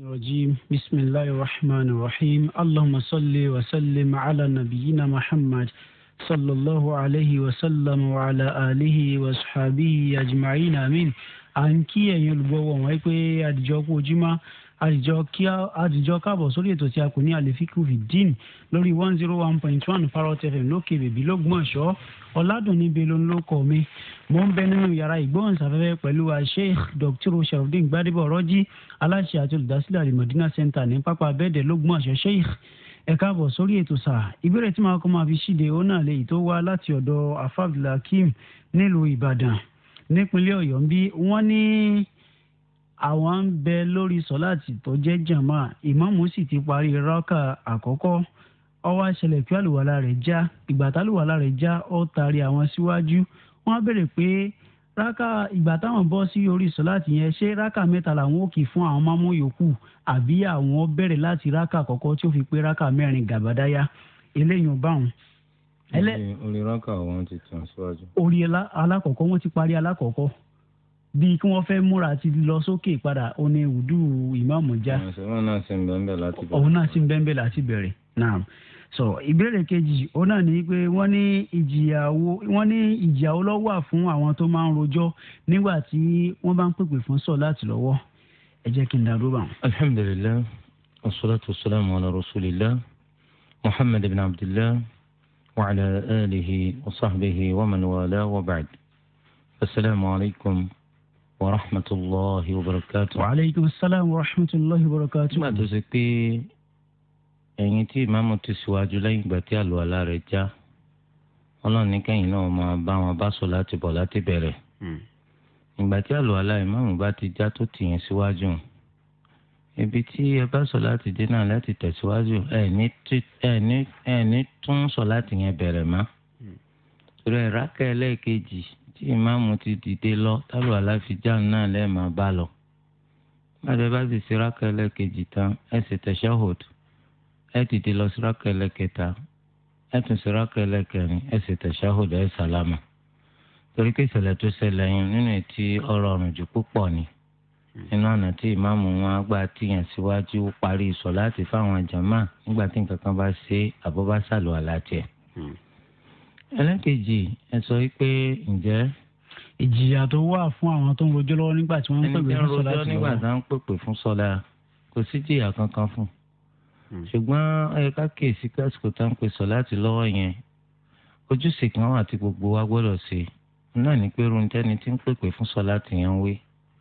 الرجيم بسم الله الرحمن الرحيم اللهم صل وسلم على نبينا محمد صلى الله عليه وسلم وعلى آله وصحبه أجمعين آمين ان كي يلبو ẹ̀yin olùgbọ́ wọ̀n àtijọ́ káàbọ̀ sórí ètò tí a kò ní àlefikù fìdín lórí one zero one point one parrot fm lókè bèbí lọ́gbọ̀nsọ́ ọ̀làdùnní belo ló kọ́ mi mo ń bẹ nínú yàrá ìgbóhùnsáfẹ́fẹ́ pẹ̀lú sheikh dr sharafdin gbadebo rọ́jí aláṣẹ àti olùdásílẹ̀ alimọ̀dínà center ní pápá abẹ́ẹ̀dẹ̀ lọ́gbọ̀nsọ́ sheikh ẹ káàbọ̀ sórí ètò sáà ìbéèrè tí màá kọ́ máa fi ṣíde ó náà lè tó wá láti ọ̀dọ̀ afabdulhakeem nílùú ìbàdàn nípínlẹ̀ ọ̀yọ́ bí wọ́n ní. Ni àwọn ń bẹ lórí sọ́láàtì tó jẹ́ jàmá ìmáàmù sì ti parí rákà àkọ́kọ́ ó wá ṣẹlẹ̀ kí àlùwàlá rẹ̀ já ìgbà tálùwàlá rẹ̀ já ó taari àwọn síwájú wọ́n béèrè pé rákà ìgbà táwọn bọ́ sí orí sọ́láàtì yẹn ṣé rákà mẹ́ta làwọn ò kì fún àwọn mámú yòókù àbí àwọn bẹ̀rẹ̀ láti rákà àkọ́kọ́ tí ó fi pé rákà mẹ́rin gàbádáyà eléyìí ò báwọn orí rákà wọn ti tàn síwájú. orí alákọ̀ọ́kọ́ wọ́n ti parí alákọ̀ọ́kọ́ bíi kí wọ́n fẹ́ múra àti lọ sókè padà òní ìwùdú ìmáàmù já. òun náà sì ń bẹ́ńbẹ̀ láti bẹ̀rẹ̀. òun náà sì ń bẹ́ńbẹ̀ láti bẹ̀rẹ̀ náà sọ ìbéèrè kejì òun náà ní pé wọ́n ní ìjìyàwó wọ́n ní ìjìyàwó ló wà fún àwọn tó máa ń rojọ́ nígbà tí wọ́n bá ń pèpè fún sọ láti lọ́wọ́ ẹ jẹ́ kí n dá dúró bá wọn. alhamdulilayi wasalaatu wasalaamu ala rasulillah muhammad ibn abdillah wa ala alihi wa sahbihi wa man wala wa ba'd asalaamu alaykum warahmatulahi wabarakatu. waaleykum salaam warahmatulahi wabarakatu. nígbà tó ṣe pé ẹ̀yin tí ìmáàmù ti ṣíwájú lẹ́yìn ìgbà tí àlùwàlá rẹ̀ já ọlọ́run ní kẹ́yìn náà máa bá wọn bá sọ láti bọ̀ láti bẹ̀rẹ̀. Hmm. ìgbà tí àlùwàlá ìmáàmù bá ti já tó tì yẹn síwájú ibi tí ẹ bá sọ láti dé náà láti tẹ̀síwájú ẹ ní tún sọ láti yẹn bẹ̀rẹ̀ mọ́. Hmm. rẹ̀ rákẹ́ ẹlẹ́ẹ̀kejì. tí ìmáàmù ti dìde lọ tálù aláfijàn náà lẹ́ẹ̀mà bá lọ. bàtà bá sì síráàkà ẹlẹ́kejì tán ẹ sì tẹ̀síọ́hòd ẹ dìde lọ síráàkà ẹlẹ́kẹta ẹ tún síráàkà ẹlẹ́kẹrin ẹ sì tẹ̀síọ́hòd ẹ sàlámà. torí pé ìṣẹ̀lẹ̀ tó ṣẹlẹ̀ yẹn nínú ètí ọ̀rọ̀ ọ̀rùn jù púpọ̀ ni nínú ọ̀nà tí ìmáàmù wọn gbà tíyàn síwájú parí láti fáwọn jàmáà nígbà tí nǹkan kan bá ṣe àbọ̀ bá ẹlẹ́kejì ẹ sọ pé ǹjẹ́ ìjìyà tó wà fún àwọn tó ń rojọ́ lọ́wọ́ nígbà tí wọ́n ń pèpè fún sọ́lá ti nígbà tí wọ́n ń pèpè fún sọ́lá kò sí jìyà kankan fún hmm. ṣùgbọ́n ẹ̀ka kèsì kásìkò tá ń pè sọ́lá ti lọ́wọ́ yẹn ojúṣe kan wà tí gbogbo wa gbọ́dọ̀ ṣe náà ní pé runtẹ́ni tí ń pèpè fún sọ́lá ti yẹn wé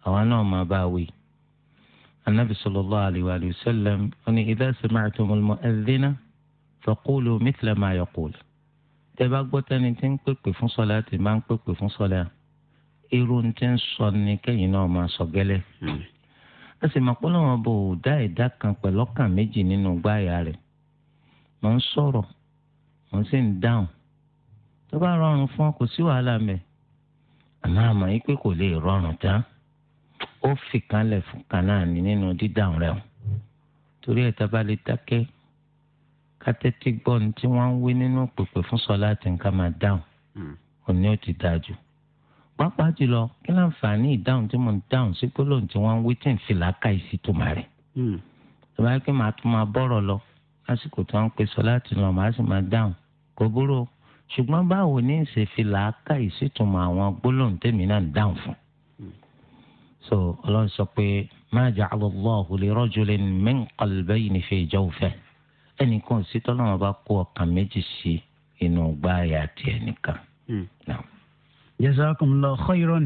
àwa náà máa bá a wé anabi sallallahu alayhi tẹ bá gbọ́ tẹ́ni tí ń pèpè fún sọ́lá tí máa ń pèpè fún sọ́lá irú ní ti ń sọ ni kẹ́yìn náà máa sọ gẹ́lẹ́ hmm. ẹ sì máa pọ́n lọ́wọ́ bò ó dá ẹ̀dá kan pẹ̀lú ọkàn méjì nínú gbáyà rẹ̀ mò ń sọ̀rọ̀ mò ń sì ń dáhùn tó bá rọrùn fún ọ kò sí wàhálà mẹ́ àmọ́ àmọ́ yìí pé kò lè rọrùn tán ó fi fún kan nínú dídáhùn rẹ̀ torí ẹ̀ta bá lè dákẹ́ kátẹ́tí gbọ́ ní tí wọ́n ń wí nínú pèpè fún sọlá tí nǹkan máa dáhùn hmm. òní ò ti dáa jù pàápàá jùlọ kí láǹfààní ìdáhùn tí mo ń dáhùn sí gbólóhùn tí wọ́n ń wí tí ń fi làákàyè sí tòmá rẹ̀ hmm. tó bá kí màá tún máa bọ́rọ̀ lọ lásìkò tí wọ́n ń pe sọlá tí lọ màá sì máa dáhùn kò búrò ṣùgbọ́n báwo ní í ṣe fi làákàyè sí tòmá àwọn gbólóhùn tèmi náà dáhùn fún hmm. so ọlọ́run sọ pé má ja'ala Allahu ẹnìkan sí tọ́lọ́wọ́n bá kó ọkàn méjì sí inú gbáàyà tiẹ̀ nìkan. Hmm. jazakumullahu khairan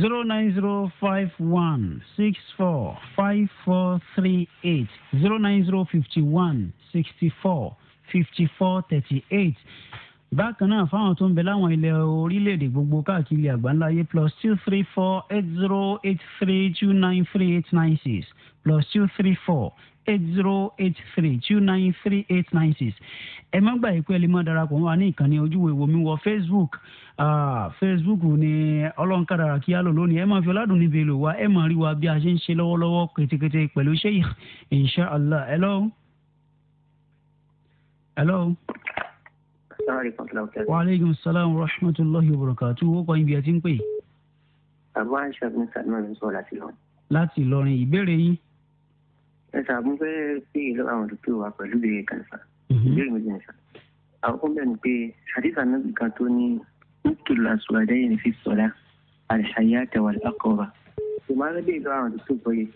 zero nine zero five one six four five four three eight zero nine zero fifty one sixty four fifty four thirty eight bákan náà fáwọn tó ń bẹ láwọn ilẹ̀ orílẹ̀-èdè gbogbo káàkiri àgbáńlá plus two three four eight zero eight three two nine three eight nine six plus two three four eight zero eight three two nine three eight nine six ẹ má gbà yìí pé ẹ lè má darapọ̀ wọn ní ìkànnì ojúwe wo mi wọ facebook facebook ni ọlọ́nkàdàrà kí á lò lónìí ẹ máa fi ọ̀làdùn níbi èlò wa ẹ máa rí wa bí a ṣe ń ṣe lọ́wọ́lọ́wọ́ kétékété pẹ̀lú sheikh inshallah hello. hello. wa aleykum salaam wa rahmatulahi wa barakatu wo kọ́ ibi ẹ ti ń pè. àbúrò àìsàn mi sàdúrà mi sọ láti lọ. láti Ìlọrin ìbéèrè yín ẹ sà mo fẹ́ pè é lọ́wọ́ àwọn olùpẹ̀ wa pẹ̀lú ìbéèrè kan sà ìbéèrè méjì ni sà àkọ́kọ́ bẹ́ẹ̀ ni pé àdìsá náà kan tó ní nítorí àṣọ àdáyẹ̀ni fi sọ̀rọ̀ àṣàyà àtẹwà lákọ̀ọ́ra ìmọ̀ràn bíi lọ́wọ́ àwọn tó sọ yìí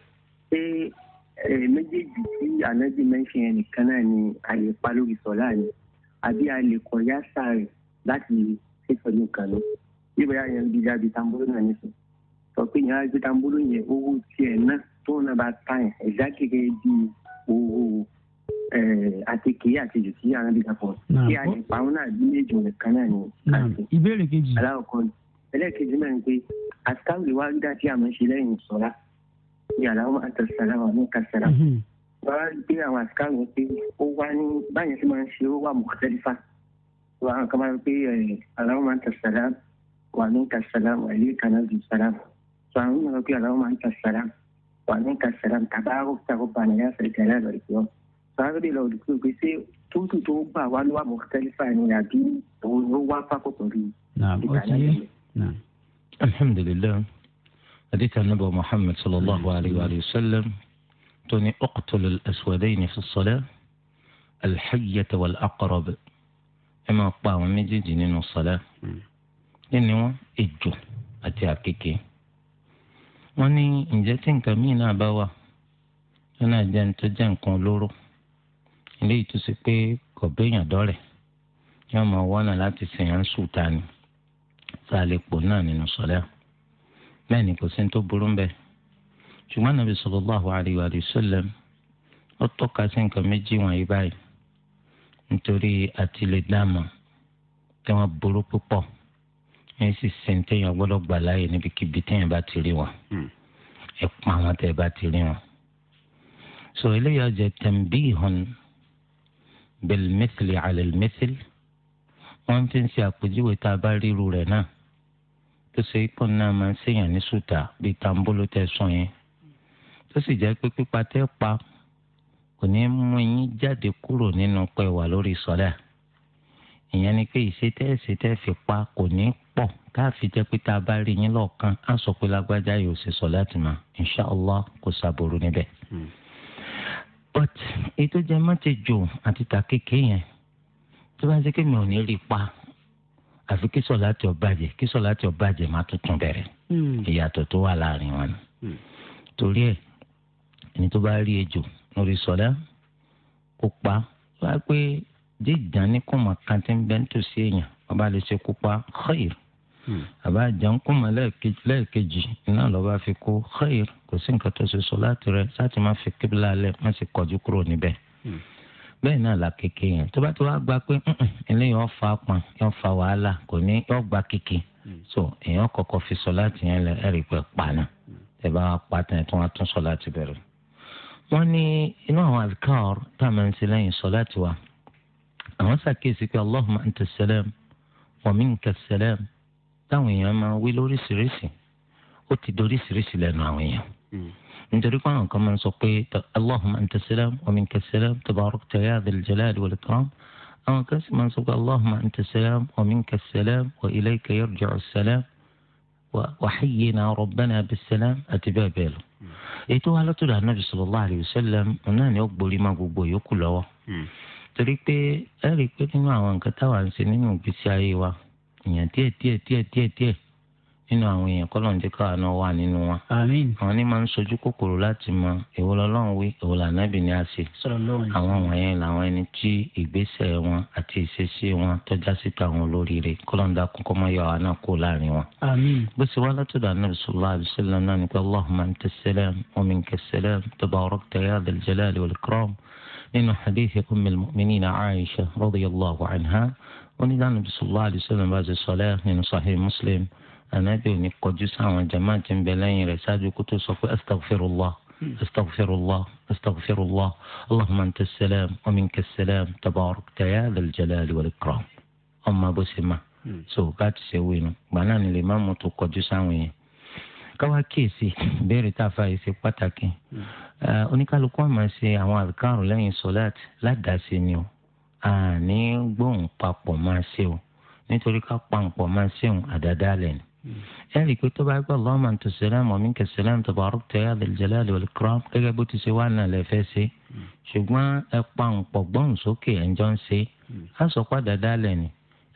pé méjèèjì tí ànábì mẹ́ṣẹ̀ yẹn nìkan náà ni àyè pa lórí sọ̀lá ni àbí a lè sáré láti ṣètọ́jú nǹkan lọ bí yẹn bí dábì tambúrú náà nísìnyí sọ pé ìyẹn á gbé tambolo yẹn owó tiẹ̀ náà tóun náà bá ta yẹn ẹ̀dá kékeré di owó àtẹkè àtẹjù tí a ń bí kápọ̀ kí a lè pa àwọn náà bí méjì rẹ̀ kan náà ni. ìbéèrè kejì. aláwọ̀kọ́ ni ẹlẹ́ẹ̀kejì náà ni pé àtàwọn ìwà rí dájú àmọ́ ṣe lẹ́yìn sọ́ra ní aláwọ̀ àtàsáláwà ní kásárà. bàbá gbé àwọn àtàwọn yẹn pé ó wá ní báyẹn tí máa ń ṣe ó wà mọ̀kọ́tẹ́lifà. àwọn kan máa ń pé aláwọ̀ àtàsáláwà ní kásárà wà ní kanáà فهم السلام السلام تبارك تربنا يا في الجلال والإكرام فهذه لو دكتور بيسي توبا مختلفة عن النبي وهو نعم أوكي نعم الحمد لله حديث النبي محمد صلى الله عليه وآله وسلم توني أقتل الأسودين في الصلاة الحية والأقرب إما أقبع ومجي جنين الصلاة إنه إجو أتي أكيكي wọ́n ní ǹjẹ́ tí nǹkan míì náà bá wà tó náà jẹ́ tó jẹ́ nǹkan olóró eléyìí tó ṣe pé kò béèyàn dọ́rẹ̀ yóò máa wọ́nà láti sèyàn sùúta ni tá a lè pò náà nínú sọ́lá bẹ́ẹ̀ ni kò sí ní tó burú bẹ́ẹ̀ ṣùgbọ́n nàbí sallallahu alaihi wa sallam ó tọ́ka sí nǹkan méjì wọ̀nyí báyìí nítorí àtìlẹ́dàmọ̀ tí wọ́n burú púpọ̀ ẹ sì sìn téèyàn gbọ́dọ̀ gbà láàyè níbikíbi téèyàn bá ti rí wọn hmm. ẹ pa àwọn tẹ́ ẹ bá ti rí wọn. so eléyà jẹ tẹ̀m̀bíhàn bẹ̀lmẹ́sìlì àlẹ́lmẹ́sìlì wọ́n ti ń ṣe àpèjúwe tá a bá ríru rẹ̀ náà tó ṣe ipò náà máa ń ṣèyàn ní sùtà bíi tambolo tẹ sọ yẹn tó sì jẹ́ pé pípa tẹ́ pa kò ní mú yín jáde kúrò nínú pẹ́ wà lórí sọ́lá ìyẹn ni pé ìṣe tẹ́ ṣe tẹ́ fi pa kò ní pọ̀ káàfin jẹ́ pé tá a bá rí yín lọ́ọ̀kan á sọ pé lágbájá yóò ṣe sọ láti mà inṣàlá kò sàbòrò níbẹ̀. Hmm. but ètò jẹ mọ́tẹ́jọ àti tàkékè yẹn tó bá ń ṣe kémi ò ní rí pa àfi kí sọ láti ọbàjẹ́ kí sọ láti ọbàjẹ́ má tuntun bẹ̀rẹ̀ hmm. ìyàtọ̀ tó wà láàrin wọn. Hmm. torí ẹ ẹni tó bá rí ejò lórí sọlá kó pa wá pé dídán ní kò mọ̀ kan tí ń bẹ́ ń tòsí èèyàn ọba lè ṣe kó pa khair Hmm. àbá àjànkùnmọ̀ lẹ́ẹ̀kejì náà lọ́ba fi kó xeyir kò sí nǹkan tó ṣe sọ láti rẹ sáti má fi kébìlà lẹ má sì kọjú kúrò níbẹ̀ hmm. bẹ́ẹ̀ náà là kéke yẹn tó bá tó wá gba pé eléyìí wọ́n fa pọn yọ́n fa wàhálà kò ní yọ́ gba kéke hmm. so èèyàn kọ́kọ́ fi sọ láti yẹn lẹ ẹ̀rí pẹ́ pa náà ẹ bá wa pa tán ẹ tún wá tún sọ láti bẹ̀rẹ̀ wọ́n ní inú àwọn àdìkáwọ̀r tá a máa ń ṣe lẹ́yìn sọ láti wa àwọn sàkíyèsí pé allahumma anta salam wa minka salam táwọn èèyàn máa wí lóríṣiríṣi ó ti doríṣiríṣi lẹ́nu àwọn èèyàn hmm. nítorí pé àwọn kan máa ń sọ pé allahumma anta salam wa minka salam tabarakta ya dhal jalali wal ikram àwọn kan sì máa ń sọ pé allahumma anta salam wa minka salam wa ilayka yarji'u salam wa hayyina rabbana bis salam àti bẹ́ẹ̀ bẹ́ẹ̀ lọ. Hmm. ètò alátúndà anábì sallallahu alayhi wa sallam náà ni ó gborí máa gbogbo yòókù lọ́wọ́ hmm. torí pé ẹ rí i pé nínú àwọn nǹkan táwa ń ṣe nínú ìgbésí ayé wa èèyàn díẹ̀ díẹ̀ díẹ̀ díẹ̀ díẹ̀ nínú àwọn èèyàn kọ́ lọ́n jẹ́ káwọn náà wà nínú wọn. àwọn ní máa ń sojú kòkòrò láti mọ èwo lọ́lọ́run wí èwo lànàbì ni a ṣe. àwọn wọ̀nyẹn làwọn ẹni tí ìgbésẹ̀ wọn àti ìṣesí wọn tọ́já síta àwọn olóríire kọ́ lọ́n dákun kọ́ mọ́ yàrá náà kó láàrin wọn. bó ṣe wá látọ̀dọ̀ anábì sọlá àbísílẹ̀ náà ni pé allahumma anta salam wa minka salam wọ́n ní lánàá bisalòlá àdìsọ́lá bá ti sọlẹ́ nínú sahih muslim anabi ò ní kọjú sáwọn jama ti ń bẹ lẹ́yìn rẹ̀ ṣáájú kó tó sọ pé astaghfirullah hmm. astaghfirullah astaghfirullah allahumma anta salam wa minka salam tabarakta ya dhal jalali wal ikram ọmọ bó ṣe máa hmm. so ká ti ṣe wí nu gbà ni lè má mú tó kọjú sáwọn yẹn káwá kíyèsí béèrè tá a fa yìí ṣe pàtàkì hmm. oníkálukú àmọ́ ṣe àwọn àbíkárùn lẹ́yìn sọ́láàtì ládàá sí ni o àní gbóhùn papọ̀ máa ṣe o nítorí ká pàǹpọ̀ máa ṣe o àdáda lẹ̀ ni. ẹ rí i pé tó bá gbọ́ Allahumma anta salam wa minka salam tabarakta ya dhal jalali wal ikram gẹ́gẹ́ bó ti ṣe wà náà lẹ fẹ́ ṣe ṣùgbọ́n ẹ pàǹpọ̀ gbóhùn sókè ẹ̀ ń jọ ń ṣe á sọ pé àdáda lẹ̀ ni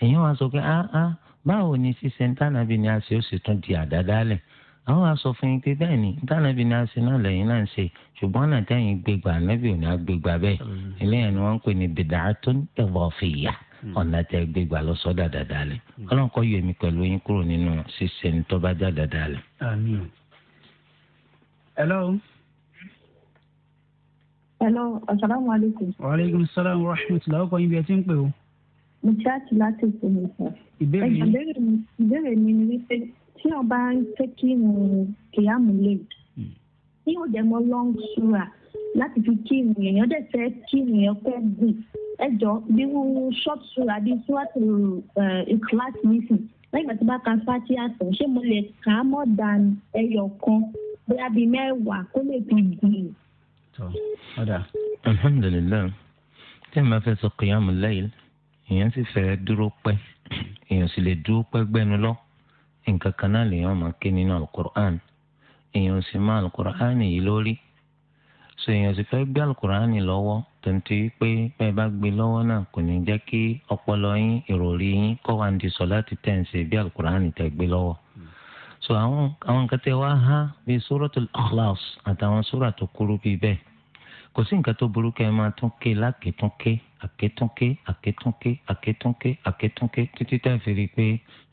èyí wàá sọ pé áá báwo ni ṣíṣe ni a ṣe ó sì tún di àdáda lẹ̀ àwọn aṣọ fún yín pé bẹ́ẹ̀ ni tánàbí ni a ṣe náà lẹ́yìn náà ń ṣe ṣùgbọ́n náà tẹ́yìn gbégbá ànábì òní àgbégbá bẹ́ẹ̀ mm. eléyàn ni wọ́n ń pè ní bid'atun idafiyya mm. ọ̀nà tẹ́ gbégbá lọ sọ́dà dáadáa lẹ̀ mm. ọlọ́run kọ́ yẹmi pẹ̀lú yín kúrò nínú ṣíṣe ní tọ́ba já dáadáa lẹ̀. àmín. hello. asalaamualeykum. wa tí wọ́n bá ń fẹ́ kí irun kìyàmù lè hmm. ní òdẹmọ long sura láti fi kí irun èèyàn dẹ̀ fẹ́ kí irun yẹn kó gùn ẹjọ bí wọn short sura bí suwatu class eh, meeting lẹ́yìn tí bá ka fati àtàn ṣé mo lè kà á mọ́ dan ẹyọ kan bóyá bíi mẹ́wàá kó lè fi gbìn. alhamdulilayi tí màá fẹ́ sọ kìyàmù lẹ́yìn èèyàn sì fẹ́ dúró pẹ́ èèyàn sì lè dúró pẹ́ gbẹ́nu lọ́wọ́ nǹkan kan náà lèèyàn máa ké nínú alukur'an èèyàn sì máa alukur'an yìí lórí so èèyàn sì fẹ́ gbé alukur'an lọ́wọ́ tonti pé bẹ́ẹ̀ bá gbé lọ́wọ́ náà kò ní jẹ́ kí ọpọlọ yín ìròrí yín kọ́ wa ń di sọ láti tẹ̀ ń ṣe bí alukur'an tẹ̀ gbé lọ́wọ́ so àwọn àwọn nǹkan tẹ wá há bíi suratul ikhlas àtàwọn sóra tó kúrú bíi bẹ́ẹ̀ kò sí nǹkan tó burú kẹ́ ẹ máa tún ké lákètún ké àkètún ké àkètún ké àkètún ké àkètún ké títí tẹ́ fi rí i pé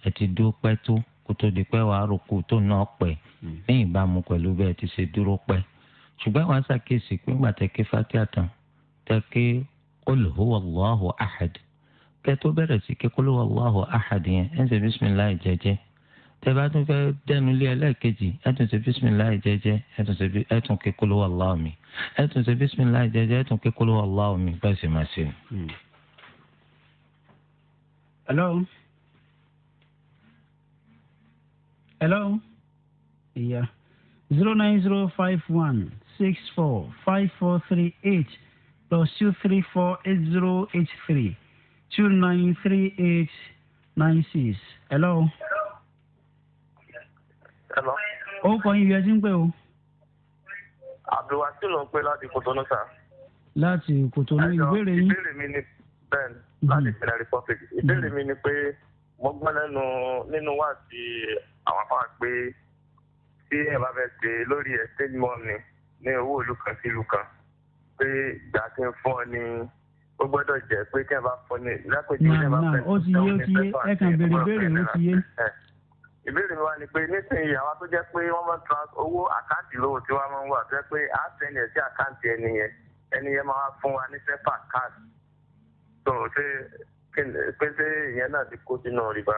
ẹ ti dúró tó kó tó di pé wàá roko tó náà pẹ́ hmm. ní ìbámu pẹ̀lú bẹ́ẹ̀ ti ṣe dúró pẹ́ ṣùgbọ́n wàá ṣàkíyèsí pé ńgbà tẹ́ ké fatia tán tẹ́ ké olùhùwàlúwàhù ahad kẹ́ tó bẹ̀rẹ̀ sí ké olùhùwàlúwàhù ahad yẹn ẹ̀ ń ṣe bísímìláì jẹ́jẹ́ tẹ́ bá tún fẹ́ dẹnu lé ẹlẹ́ẹ̀kejì ẹ̀ tún ṣe bísímìláì jẹ́jẹ́ ẹ̀ tún ké olùhùwàlúwàhù mi ẹ̀ ṣe bísímìláì jẹ́jẹ́ ẹ̀ tún olùhùwàlúwàhù mi bẹ́ẹ̀ sì máa ṣe. Hmm. hello yeah zero nine zero five one six four five four three eight plus two three four eight zero eight three two nine three eight nine six hello. hello. ó kọ ibi ẹ ti ń pè o. abdulwasi ló ń pè láti Kòtónú sá. láti Kòtónú ìbéèrè yín. ìbéèrè mi ni bẹ́ẹ̀ láti mhm. Benin Republic ìbéèrè mi ni pé. Mm-hmm mo gbọ́ lẹ́nu nínú wá sí àwọn afáà pé tí ẹ bá fẹ́ ṣe lórí estate money ní owó ìlú kan sí ìlú kan pé ìgbà tí ń fún ọ ní ó gbọ́dọ̀ jẹ́ pé tí ẹ bá fún ní lápèjì tí ó ti yé ó ti yé ẹ kàn ìbéèrè mi wá ni pé nísìnyí àwa tó jẹ́ pé wọ́n máa tra owó àkáǹtì lówó tí wọ́n máa ń wà tó jẹ́ pé á sẹ́ni ẹ̀ sí àkáǹtì ẹni yẹn ẹni yẹn máa fún wa ní sẹ́fà káàdì tó ṣe pété ìyẹn náà ti kó sínú rìbá.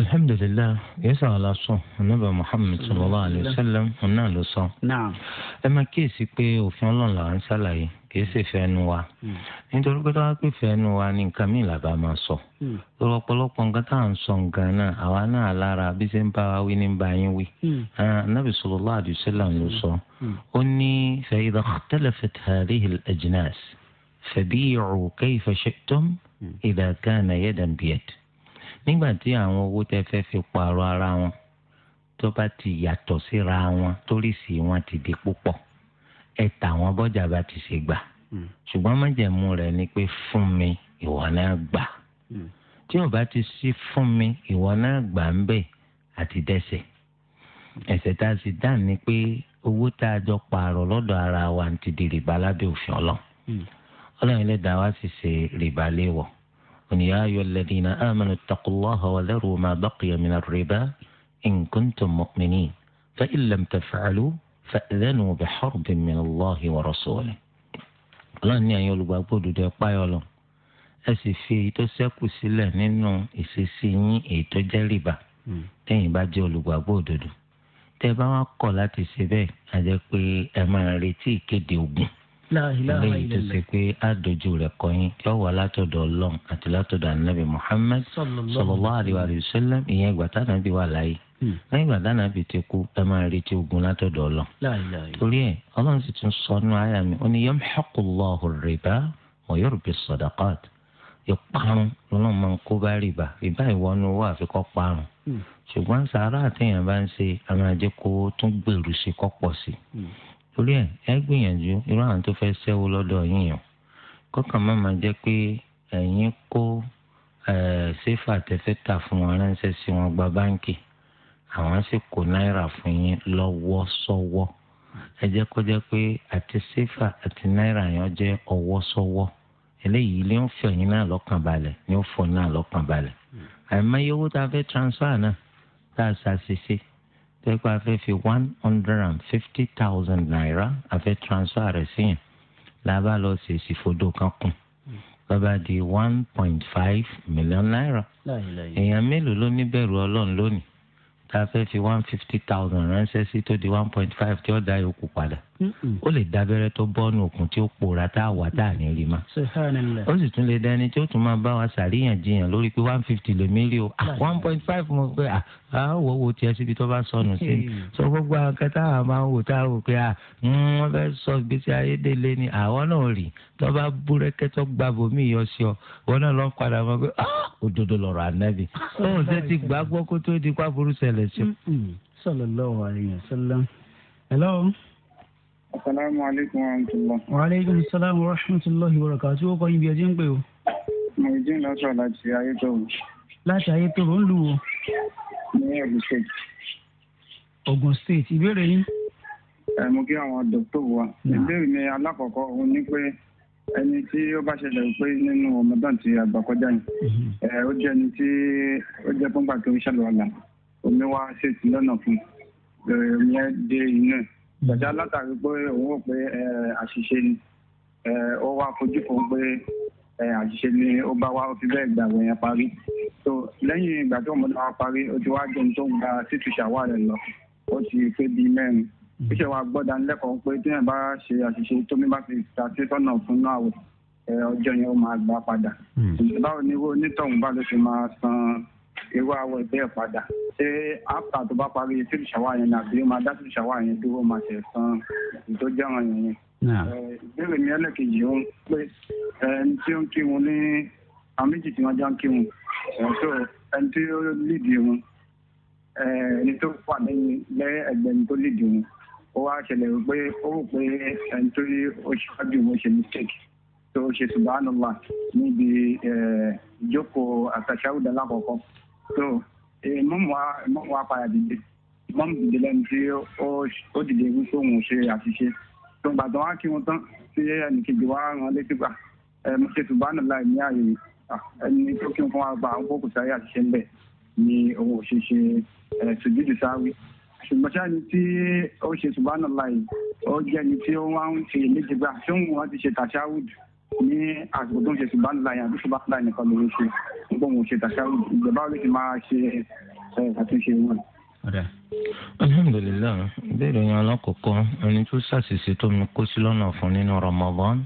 alhamdulilayi yéésà alasọ anábà muhammed sallallahu alayhi wa sallam ọ̀nà ló sọ. ẹ máa kíyèsí pé òfin ọlọ́run là ń ṣàlàyé kìí ṣe fẹnu wa hmm. nítorí pé táwa pè fẹnu wa ni nǹkan mìíràn bá máa sọ lórí hmm. ọ̀pọ̀lọpọ̀ nǹkan tá à ń sọ nǹkan náà àwa náà lára bí ṣe ń bá wa wí ní bá yín wí anábì hmm. sallallahu alaihi ló sọ ó ní fa idha ikhtalafat hadhihi al-ajnas fẹ̀bíyọ̀rù kayfa shi'tum hmm. idha kana yadan biyad. nígbà tí àwọn owó tẹ fẹ́ fi pààrọ̀ ara wọn tó bá ti yàtọ̀ síra wọn torísì wọn ti di púpọ̀ ẹ tà wọn bọ́jà bá ti ṣe gbà hmm. ṣùgbọ́n májẹ̀mú rẹ̀ ni pé fún mi ìwọ náà gbà hmm. tí ò bá ti sí fún mi ìwọ náà gbà ń bẹ̀ àti dẹ́ṣẹ̀ ẹ̀ṣẹ̀ tá a sì dá ni pé owó tá a jọ pààrọ̀ lọ́dọ̀ ara wa ti di rìbá lábẹ́ òfin ọlọ́run ọlọ́run ilé dàwa sì ṣe rìbá léwọ̀ ònìyá ayọ̀ lẹ́dínà amanu taqullaha wa dharu ma baqiya min ar-riba in kuntum mu'minin fa in lam taf'alu fa'dhanu bi harbin min Allahi wa rasulihi. ọlọ́run ní ẹ̀yin olùgbàgbọ́ òdodo ẹ̀ páyọ̀ ẹ sì fi èyí tó ṣẹ́kù sílẹ̀ nínú ìṣesí yín èyí tó jẹ́ rìbá hmm. tẹ̀yin bá jẹ́ olùgbàgbọ́ òdodo tẹ́ bá wá kọ̀ láti ṣe bẹ́ẹ̀ àjẹ́ ẹ máa retí ìkéde ogun eléyìí tó ṣe pé àdójú rẹ̀ kọyìn lọ́wọ́ alátọ̀dọ̀ ọlọ́run àti látọ̀dọ̀ anabi muhammed sallallahu alaihi wa sallam ìyẹn ìgbà tánàbí wà láàyè hmm. lẹ́yìn ìgbà tánàbí ti kú ẹ máa retí ogun látọ̀dọ̀ ọlọ́run torí ẹ̀ ọlọ́run sì tún sọ nínú àyà mi ó ní yamhaqullahu ar-riba wa yurbi as-sadaqat ìparun lọ́nà máa ń kó bá rìbá rìbá ìwọ́nú owó àfikọ́ parun hmm. ṣùgbọ́n sàárà àtẹ̀yìn torí ẹ ẹ gbìyànjú irú àwọn tó fẹ́ ṣẹ́wó lọ́dọ̀ yín yàn kọ́kàn má máa jẹ́ pé ẹ̀yin kó ṣéfà tẹ́fẹ́ tà fún wọn ránṣẹ́ sí wọn gba báǹkì àwọn sì kó náírà fún yín lọ́wọ́ sọ́wọ́ ẹ jẹ́ kó jẹ́ pé àti ṣéfà àti náírà yẹn jẹ́ ọwọ́ sọ́wọ́ eléyìí ló ń fi ẹ̀yin náà lọ́kàn balẹ̀ ni ó fọ náà lọ́kàn balẹ̀ hmm. àìmọye owó tá a fẹ́ transfer náà tá a ṣàṣìṣe tẹ́ pé a fẹ́ fi one hundred and fifty thousand naira a fẹ́ transfer rẹ̀ sí yẹn la bá lọ ṣèṣì fodò kan kù lọ́ba di one point five million naira èèyàn mélòó ló ní bẹ̀rù ọlọ́run lónìí tá a fẹ́ fi one fifty thousand ránṣẹ́ sí tó di one point five tí ó dá yòókù padà ó lè dábẹ́rẹ́ tó bọ́ọ̀nù òkun tí ó pòórá tá a wà tá a ní rí ma. ó sì tún lè dá ẹni tí ó tún máa bá wa ṣàríyànjiyàn lórí pé one fifty lè mí rí o ah, one point five mo pé àwọ̀ ah, wo tiẹ̀ síbi tó bá sọnù sí i hmm. sọ gbogbo àwọn kẹta àwọn máa ń wò tá a wò pé ah, hmm, wọ́n fẹ́ sọ gbèsè ayédèlé ni àwọn náà rí tó bá búrẹ́kẹ́ tó gbà bòmí yọ sí ọ wọn náà lọ padà mọ́ pé òdodo lọ̀rọ̀ ànábì ó ṣe ti gbàgbọ́ kó tó di kwáburú ṣẹlẹ̀ sí. sọlọ lọ́wọ́ àríyàn hello asalaamu aleykum wa rahmatulah. wa aleykum salaam wa rahmatulah ibaraka tí ó kọ́ ibi ẹjẹ́ ń pè o. mo jí ń láti ayétòrò. láti ayétòrò ń lù wọ. ní Ògùn state. Ògùn state ìbéèrè yín. ẹ mo kí àwọn dókítà wa ìbéèrè mi alákọ̀ọ́kọ́ òun ni pé ẹni tí ó bá ṣẹlẹ̀ pé nínú ọmọdán ti àgbà yìí mhm. ẹ ó jẹ́ ẹni tí ó jẹ́ pọ́npà tó ń ṣàlùwàlà omi wá ṣètì fún un ìyẹn dé inú ẹ̀ Ṣẹ̀dá látàrí pé òun rò pé àṣìṣe ni ó wá fojú fún pé àṣìṣe ni ó bá wá fi bẹ́ẹ̀ gbà wọ̀nyẹn parí. So lẹ́yìn ìgbà tó mọ̀ náà parí ó ti wá jẹun tó ń gba títù ṣàwá rẹ̀ lọ ó ti pé bíi mẹ́rin. Ó ṣe wàá gbọ́dọ̀ nílẹ́kọ̀ọ́ pé téèyàn bá ṣe àṣìṣe tó mi bá fi ta sí sọ́nà fún náà ọjọ́ yẹn ó máa gbà padà. Hmm. Báwo ni onítọ̀hún bá ló ṣe máa san irú àwọ̀ ìbẹ́ẹ̀ padà ṣé after tó bá parí tìlù ṣàwá yẹn àbí ó máa dá tìlù ṣàwá yẹn dúró máa ṣe san tó jẹ́wọ̀n yẹn. ìbéèrè mi ẹlẹ́kejì ó ń pè ẹni tí ó ń kírun ní àwọn méjì tí wọ́n já ń kírun ọ̀ṣọ́ ẹni tí ó lídìí wọn ẹni tó wà lẹ́yìn ẹgbẹ̀ni tó lídìí wọn ó wá ṣẹlẹ̀ pé ó rò pé ẹni tó ó ṣáájú wọn ṣe mistake tó ṣe subhanallah níbi ìjókòó àtàṣáwùdà so eh, mọ́mù wa mọ́mù wa padà dìde mọ́mù dìde lẹ́nu tí ó dìde wípé òun ṣe àṣìṣe tó ń gbàdọ̀ wá kí wọn tán tí ẹnìkejì wa rán létí gbà ah, mo ṣe tùbá náà láì ní ààyè ah, ẹni tó kí n fún wa gba àwọn kókò sáré àṣìṣe ńbẹ ni òun ò ṣe ṣe sùjúdù sáwí ṣùgbọ́n sáà ni tí ó ṣe tùbá náà láì ó jẹ́ ni tí ó wá ń ṣe méjì gbà òun wá ti ṣe tàṣáwùdù ní àsìkò tó ń ṣe ṣùgbọ́n ńlá yẹn àbí ṣùgbọ́n ńlá nìkan ló ń ṣe gbọ́n mo ṣe tàṣà ìjọba ló ti máa ṣe àtúnṣe wọn. alhamdulilayi ìbéèrè yẹn alákọ̀ọ́kọ́ ẹni tó ṣàṣìṣe tó mi kó sí lọ́nà fún nínú Ramadan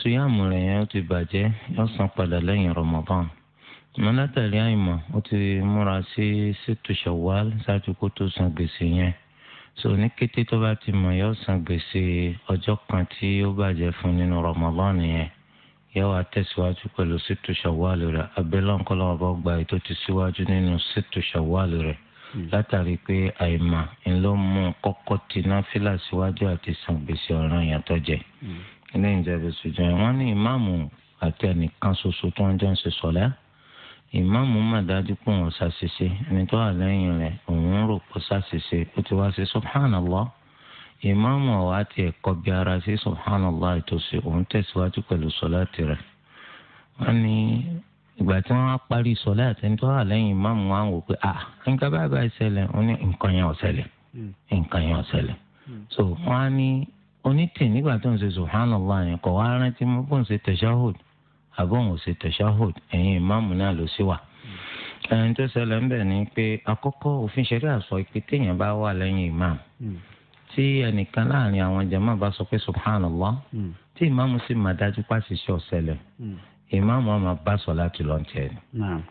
ṣùyàmù rẹ̀ yẹn ó ti bàjẹ́ yóò san padà lẹ́yìn Ramadan mọ́nátàlí àìmọ̀ ó ti múra sí sètò Ṣawwal tó san gbèsè yẹn so ní kété tó bá ti mọ̀ yóò san gbèsè ọjọ́ kan tí ó bàjẹ́ fún nínú rọmọbọ́ọ̀nù yẹn yóò wá tẹ̀síwájú pẹ̀lú sítú ṣàwálù rẹ̀ abẹ́lọ́nkọ́lọ́ ọba gba ètò ti síwájú nínú sítú ṣàwálù rẹ̀ hmm. látàrí pé àìmọ̀ ńlọ mú kọ́kọ́ tí náfìlà síwájú àti san gbèsè ọ̀ràn yẹn jẹ. Hmm. ilé ìjẹ́bù sùjọ́ wọn ní ìmáàmù àti ẹnìkan ṣoṣo tó ń jẹ́ ṣe sọ̀lẹ́ ìmáàmù mà dájú pé òun ṣàṣìṣe ẹni tó wà lẹ́yìn rẹ̀ òun rò pé ṣàṣìṣe ó ti wá sí subhanallah ìmáàmù ọ̀ á tiẹ̀ bí ara sí subhanallah ìtòsí òun tẹ̀síwájú pẹ̀lú wọ́n ní ìgbà tí wọ́n á parí ẹni tó wà lẹ́yìn ìmáàmù so wọ́n á ní onítì nígbà tó ń àbọ̀hùn ṣe tashahud ẹ̀yìn ìmáàmù náà ló sì wà. ẹni tó ṣẹlẹ̀ ń bẹ̀ ni pé àkọ́kọ́ òfin ṣẹ̀rí àsọ pé téèyàn bá wà lẹ́yìn ìmáàmù hmm. tí ẹnìkan láàrin àwọn jama bá sọ pé subhanallah hmm. tí ìmáàmù sì máa dájú pàṣẹṣẹ ọ̀sẹ̀lẹ̀ hmm. ìmáàmù ọmọ bá sọ láti lọ tiẹ̀ ni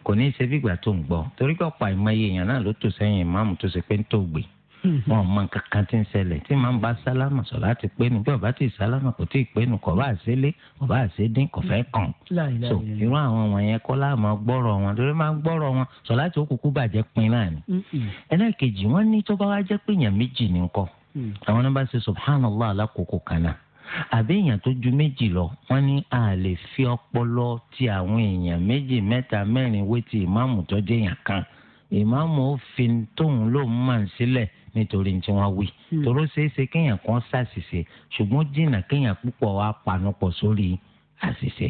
kò ní í ṣe bí ìgbà tó ń gbọ́ torí pé ọ̀pọ̀ àìmọye èèyàn náà ló tò sẹ́yìn ìmáàmù tó ṣe pé ń tó gbé Hmm. wọn mọ kankan tí ń ṣẹlẹ̀ tí màá bá sálámà sọ láti pé nu bí ọba tí sálámà kò tí ì pé nu kò bá àṣẹlé kò bá kò fẹ́ kàn so irú àwọn wọ̀nyẹn kọ́ láà máa gbọ́rọ̀ wọn torí máa gbọ́rọ̀ wọn sọ láti òkùnkùn bàjẹ́ pin náà ni hmm. ẹlẹ́ẹ̀kejì wọ́n ní tó bá wá jẹ́ pé èèyàn méjì ní kọ́ hmm. àwọn náà bá ṣe subhanallah alákòókò kan náà àbí èèyàn tó ju méjì lọ wọn ní a lè fi ọpọlọ ti àwọn èèyàn méjì mẹ́ta mẹ́rin wé ti ìmáàmù tó jẹ èèyàn kan ìmáàmù ó tóun lòún máa ń sílẹ̀ nítorí tí wọ́n wí hmm. tòró ṣeéṣe kéèyàn kan ṣàṣìṣe ṣùgbọ́n jìnnà kéèyàn púpọ̀ wá panupọ̀ sórí àṣìṣe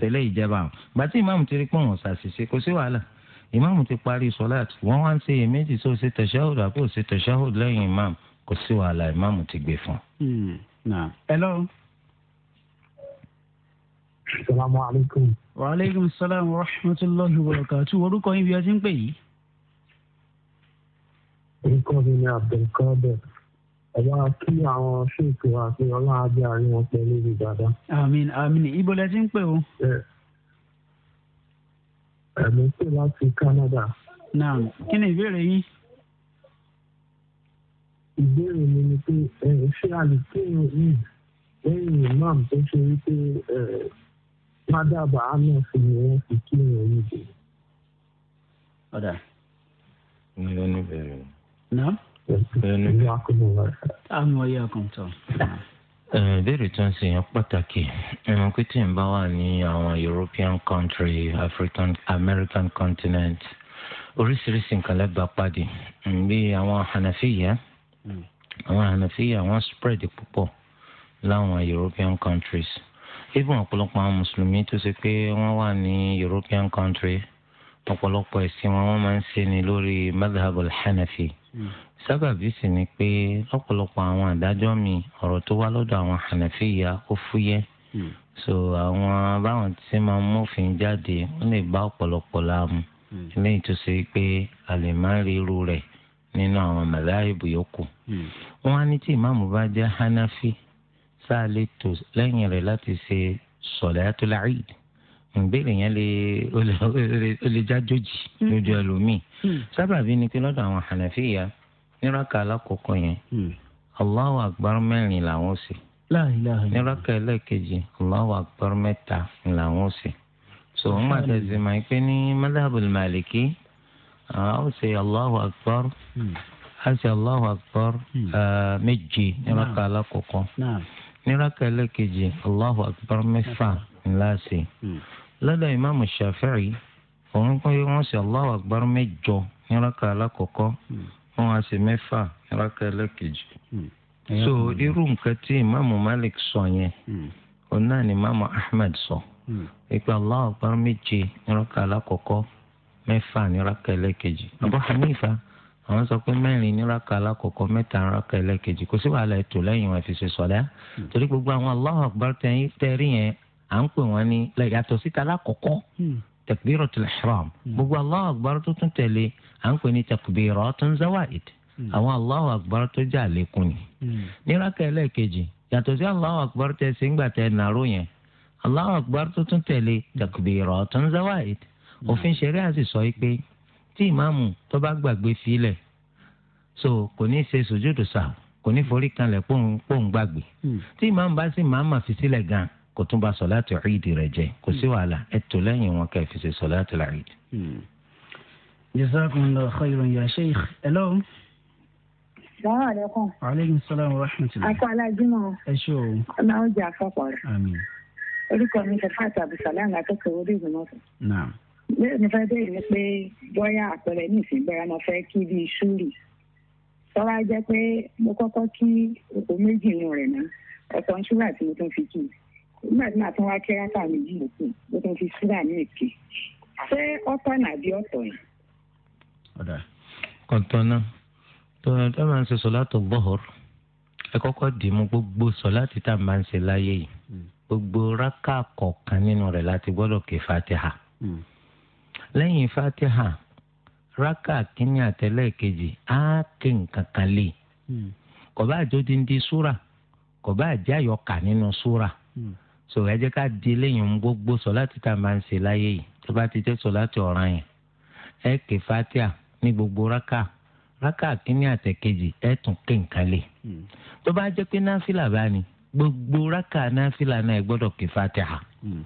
tẹ́lẹ̀ hmm. ìjẹba gbàtí ìmáàmù ti rí pé wọ́n ṣàṣìṣe kò sí wàhálà ìmáàmù ti parí sọ́láàtì wọ́n wá ń ṣe èméjì tó ṣe tẹ̀ṣáhùd àbí òṣè tẹ̀ṣáhùd lẹ́yìn ìmáàmù kò sí wàhálà ìmáàmù ti gbé fún. Hmm. hello. salaamaleykum. wa aleykum salaam wa rahmatulahi wa barakatu orúkọ yín bí a ti ń pè yìí orúkọ mi ni abdulkader ẹ̀yà kí àwọn ṣèkò àti ọlọ́run ajé àárín wọn pẹ̀lú ìlú dáadáa. àmín àmín ibo lẹ ti ń pè o. ẹ̀mí pè láti Canada. náà kí ni ìbéèrè yín. ìbéèrè mi ni pé ṣé a lè kéèyàn yìí lẹ́yìn imam tó ṣe wípé mádàbà ahmed ni wọ́n fi kéèyàn yìí dé. ọ̀dà. mo lọ ní o náà. àmì wọ́n yẹ ọkàn tọ̀. ìbéèrè tó ń sèyàn pàtàkì ẹ̀rọ pé tí n bá wà ní àwọn European country African American continent oríṣiríṣi nǹkan lẹ́gbàá pàdé bí àwọn hànàfíyà hmm. àwọn hànàfíyà wọ́n spread púpọ̀ láwọn European countries even ọ̀pọ̀lọpọ̀ àwọn mùsùlùmí tó ṣe pé wọ́n wà ní European country ọ̀pọ̀lọpọ̀ ẹ̀sìn wọn wọ́n máa ń ṣe ni lórí madhhab al-hanafi hmm. sábàbí sì ni pé lọ́pọ̀lọpọ̀ àwọn àdájọ́ mi ọ̀rọ̀ tó wá lọ́dọ̀ àwọn hanafiya ó fúyẹ́ hmm. so àwọn báwọn tí máa ń mófin jáde ó lè bá ọ̀pọ̀lọpọ̀ láàmú hmm. eléyìí tó ṣe pé a lè má rí irú rẹ̀ nínú àwọn màdáìbù yòókù wọn á ní tí ìmáàmù bá jẹ́ hanafi sáà lè tò lẹ́yìn rẹ̀ láti ṣe sọ̀lẹ́ àtúláìdì ìbéèrè yẹn lè ó lè jájòjì mm. lójú ẹlòmíì mm. sábàbí ni pé lọ́dọ̀ àwọn hànàfíyà níraka alákọ̀ọ́kọ́ yẹn mm. Allahu akbar mẹ́rin làwọn ṣe níraka ẹlẹ́ẹ̀kejì Allahu akbar mẹ́ta làwọn ṣe so wọ́n máa tẹ̀sí ma pé ní madhabul maliki àwọn ṣe Allahu akbar a ṣe Allahu akbar méje níraka alákọ̀ọ́kọ́ níraka ẹlẹ́ẹ̀kejì Allahu akbar mẹ́fà ńlá lọ́dọ̀ ìmáàmù Ṣàfi'í òun pé wọ́n ṣe Allahu Akbar mẹ́jọ níraka alákọ̀ọ́kọ́ hmm. wọ́n á ṣe mẹ́fà níraka ẹlẹ́kejì. Hmm. so hmm. irú nǹkan tí ìmáàmù Malik sọ yẹn òun náà ni ìmáàmù Ahmed sọ pé Allahu Akbar méje níraka alákọ̀ọ́kọ́ mẹ́fà níraka ẹlẹ́kejì. Abu Hanifa àwọn sọ pé mẹ́rin alákọ̀ọ́kọ́ mẹ́ta ẹlẹ́kejì kò sí wàhálà ètò lẹ́yìn wọn fi ṣe sọ̀lá à ń pè wọ́n ní yàtọ̀ síta lákọ̀ọ́kọ́ hmm. takbiratul ihram hmm. gbogbo Allahu akbar tó tún tẹ̀lé à ń pè ní takbiratun zawaid hmm. àwọn Allahu akbar tó jẹ́ àlékún ni. ní rákà ẹlẹ́ẹ̀kejì yàtọ̀ sí Allahu akbar tẹ̀ sí ńgbà tẹ̀ nàró yẹn Allahu akbar tó tún tẹ̀lé takbiratun zawaid òfin ṣẹ̀ríà sì sọ yìí pé tí ìmáàmù tó bá gbàgbé sílẹ̀ so kò ní ṣe sùjúdù sáà kò ní forí kanlẹ̀ pòun tí ìmáàmù bá sì máa mà fi sílẹ̀ gan-an kò tún ba sọláàtì ìdì rẹ jẹ kò sí hmm. wàhálà ẹ tó lẹ́yìn wọn ká ẹ fi ṣe sọláàtì ìdì. Hmm. jazakumullahu khairan ya sheikh hello. Assalamu alaikum. Wa alaikum assalam wa rahmatullahi. Akọ alájúmọ̀. Ẹ ṣé o. Ọ̀nà ọjà àfọ̀pọ̀ rẹ̀. Àmín. Orúkọ mi Sàfáàtì Abdulsalam akẹ́kọ̀ọ́ orí ìgbìmọ̀tò. Náà. Bẹ́ẹ̀ ni fẹ́ bẹ́ẹ̀ ni pé bóyá àpẹẹrẹ ní ìsìn bẹ́ẹ̀ mo ń ṣúrà tí mo tún fi kí i. nígbà tí màá tún wá kẹ́ rákà méjì ndị ó tún fi súrà ní èké ṣé ọ̀tọ̀ nàbí ọtọ yìí. ọ̀dà kọ̀ǹtàn náà tó ẹ tó máa ń ṣe ẹ kọ́kọ́ dì mú gbogbo tá a máa ń ṣe láyé yìí hmm. gbogbo rákà kọ̀ọ̀kan nínú rẹ̀ láti gbọ́dọ̀ fatiha hmm. lẹ́yìn fatiha rákà kínní á nǹkan kan àjọ hmm. súrà àjẹ́ nínú súrà. so ẹ jẹ́ ká di eléyìí ń gbogbo sọ̀láàtì tá a máa ń ṣe láyé yìí tó bá ti jẹ́ sọ̀láàtì ọ̀ràn yẹn ẹ ké fatia ní gbogbo rákà rákà kínní àtẹ̀kejì ẹ tún ké nǹkan lè hmm. tó bá jẹ́ pé náfìlà bá ní gbogbo rákà náfìlà náà ẹ gbọ́dọ̀ ké fatia hmm.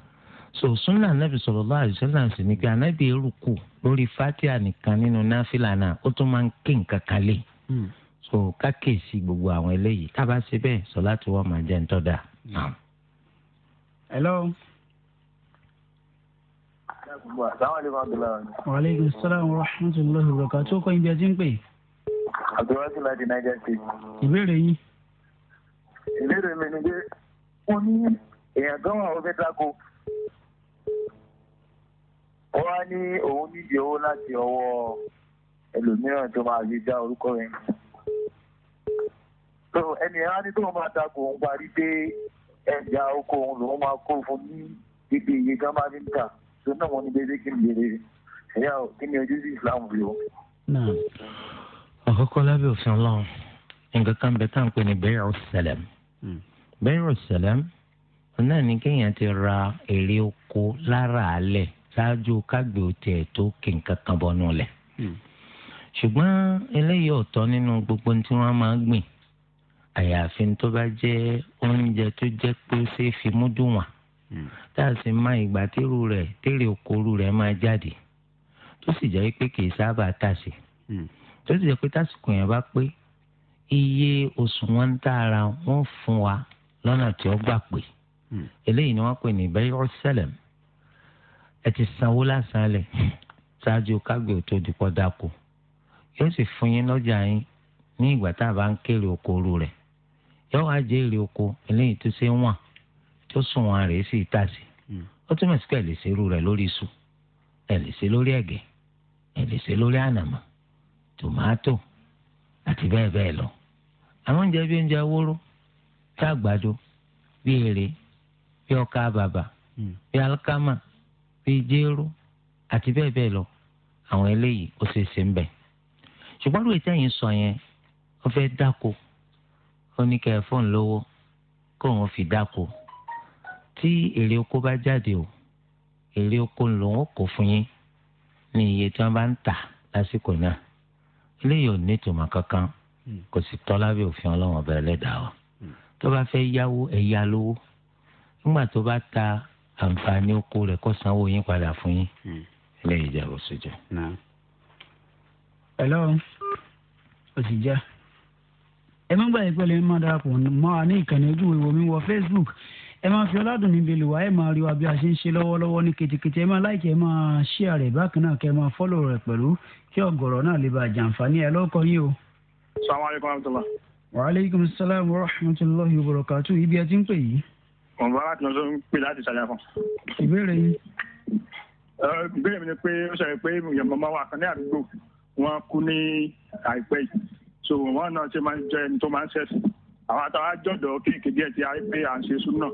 so sunna anabi sallallahu alaihi wasallam sì ní pé anabi eruku lórí fatia nìkan nínú náfìlà náà ó tún máa ń ké nǹkan kan lè hmm. so ká kèsì gbogbo àwọn eléyìí tá a bá ṣe bẹ́ẹ̀ sọ̀láàtì wọn máa jẹ́ ń tọ́ da. Mm hello. waaleykum salaam wa rahmatulahi wa barakatuh kọ́ ibi ẹtí ń pè. àbúrọ́sí láti niger state. ìbéèrè yín. ìbéèrè mi ni pé wọ́n ní èèyàn kan wà ó fẹ́ dáko ó wá ní òun nídìí owó láti ọwọ́ ẹlòmíràn tó máa fi dá orúkọ yẹn. ẹnìyàn á ní tó máa dáko òun parí dé ẹja oko òun lòun máa kó fún ní ibi iye kan bá ti ń tà tó náà wọn ní déédéé kí n béèrè ẹ̀yà kí ni ojú sí Islam rí o. àkọ́kọ́ lábẹ́ òfin ọlọ́run nǹkan kan bẹ tá ní bẹ́ẹ̀rù sẹlẹ̀m bẹ́ẹ̀rù sẹlẹ̀m náà ni kéèyàn ti ra èrè oko lára àlẹ̀ ṣáájú kágbé òtí ẹ̀ tó kí nǹkan kan bọ́nú lẹ̀ hmm. ṣùgbọ́n eléyìí ọ̀tọ̀ nínú gbogbo tí wọ́n máa gbìn àyàfi tó bá jẹ́ oúnjẹ tó jẹ́ pé ó ṣeé fi múdùn wà hmm. tá a sì máa ìgbà tẹ́rù rẹ̀ tẹ́rẹ̀ okoru rẹ̀ máa jáde tó sì jẹ́ pé kì í sábà tàsí hmm. tó sì jẹ́ pé tásìkò yẹn bá pé iye òṣùwọ̀n tá a ra wọ́n fún wa lọ́nà tí ó gbà pé hmm. eléyìí ni wọ́n pè ní bẹ́yọ̀ sẹ́lẹ̀m ẹ ti sanwó lásán lẹ̀ ṣáájú kágbé òtó dìpọ̀ dáko yóò sì fún yín lọ́jà yín ní ìgbà tá a bá ń kéré okoru rẹ̀ yóò wá jẹ èrè oko eléyìí tó ṣe wọn tó sùn wọn rèé sí ìta hmm. sí ó túmọ̀ sí pé ẹ̀ lè ṣe irú rẹ̀ lórí iṣu ẹ̀ lè ṣe lórí ẹ̀gẹ́ ẹ̀ lè ṣe lórí ànàmọ́ tòmátò àti bẹ́ẹ̀ bẹ́ẹ̀ lọ àwọn oúnjẹ bíi oúnjẹ wóró tá àgbàdo bíi èrè bíi ọkà bàbà hmm. bíi alikama bíi jéró àti bẹ́ẹ̀ bẹ́ẹ̀ lọ àwọn eléyìí ó ṣe é ṣe ń bẹ̀ ṣùgbọ́n lóye ó ní kẹ́ ẹ fóun lówó kó òun fi dáko tí èrè oko bá jáde o èrè oko lòun kò fún yín ní iye tí wọ́n bá ń tà lásìkò náà eléyìí ò ní ìtumọ̀ kankan hmm. kò sì tọ́ lábẹ́ òfin ọlọ́run ọba ẹlẹ́dàá wa hmm. tó bá fẹ́ yáwó ẹ̀ yá lówó nígbà tó bá ta àǹfààní oko rẹ̀ kó sanwó yín padà fún yín hmm. eléyìí jẹ́ bó ṣe jẹ́. ẹ̀lọ́ ẹ má gbàgbé pẹ̀lú ẹ má darapọ̀ mọ́ a ní ìkànnì ojú ìwò mi wọ facebook ẹ máa fi ọládùn níbi lùwà ẹ máa rí wa bí a ṣe ń ṣe lọ́wọ́lọ́wọ́ ní ketekete ẹ máa láìkí ẹ máa ṣí àrẹ̀ bákan náà kẹ́ ẹ máa fọ́lọ̀ rẹ̀ pẹ̀lú kí ọ̀gọ̀rọ̀ náà lè ba jàǹfààní ẹ lọ́kọ yín o. assalamu alaikum warahmatullah. wa wa rahmatullahi wa barakatuh ibi ẹ ti ń pè yìí. ọ̀nbọ̀n aláàtì náà ló ń pè láti ìsàlẹ̀ fún. ìbéèrè yín so wọn náà ṣe máa ń jẹ ẹni tó máa ń ṣẹ̀sìn àwọn àtàwọn àjọ̀dọ̀ kéèké díẹ̀ tí a rí pé à ń ṣe súnà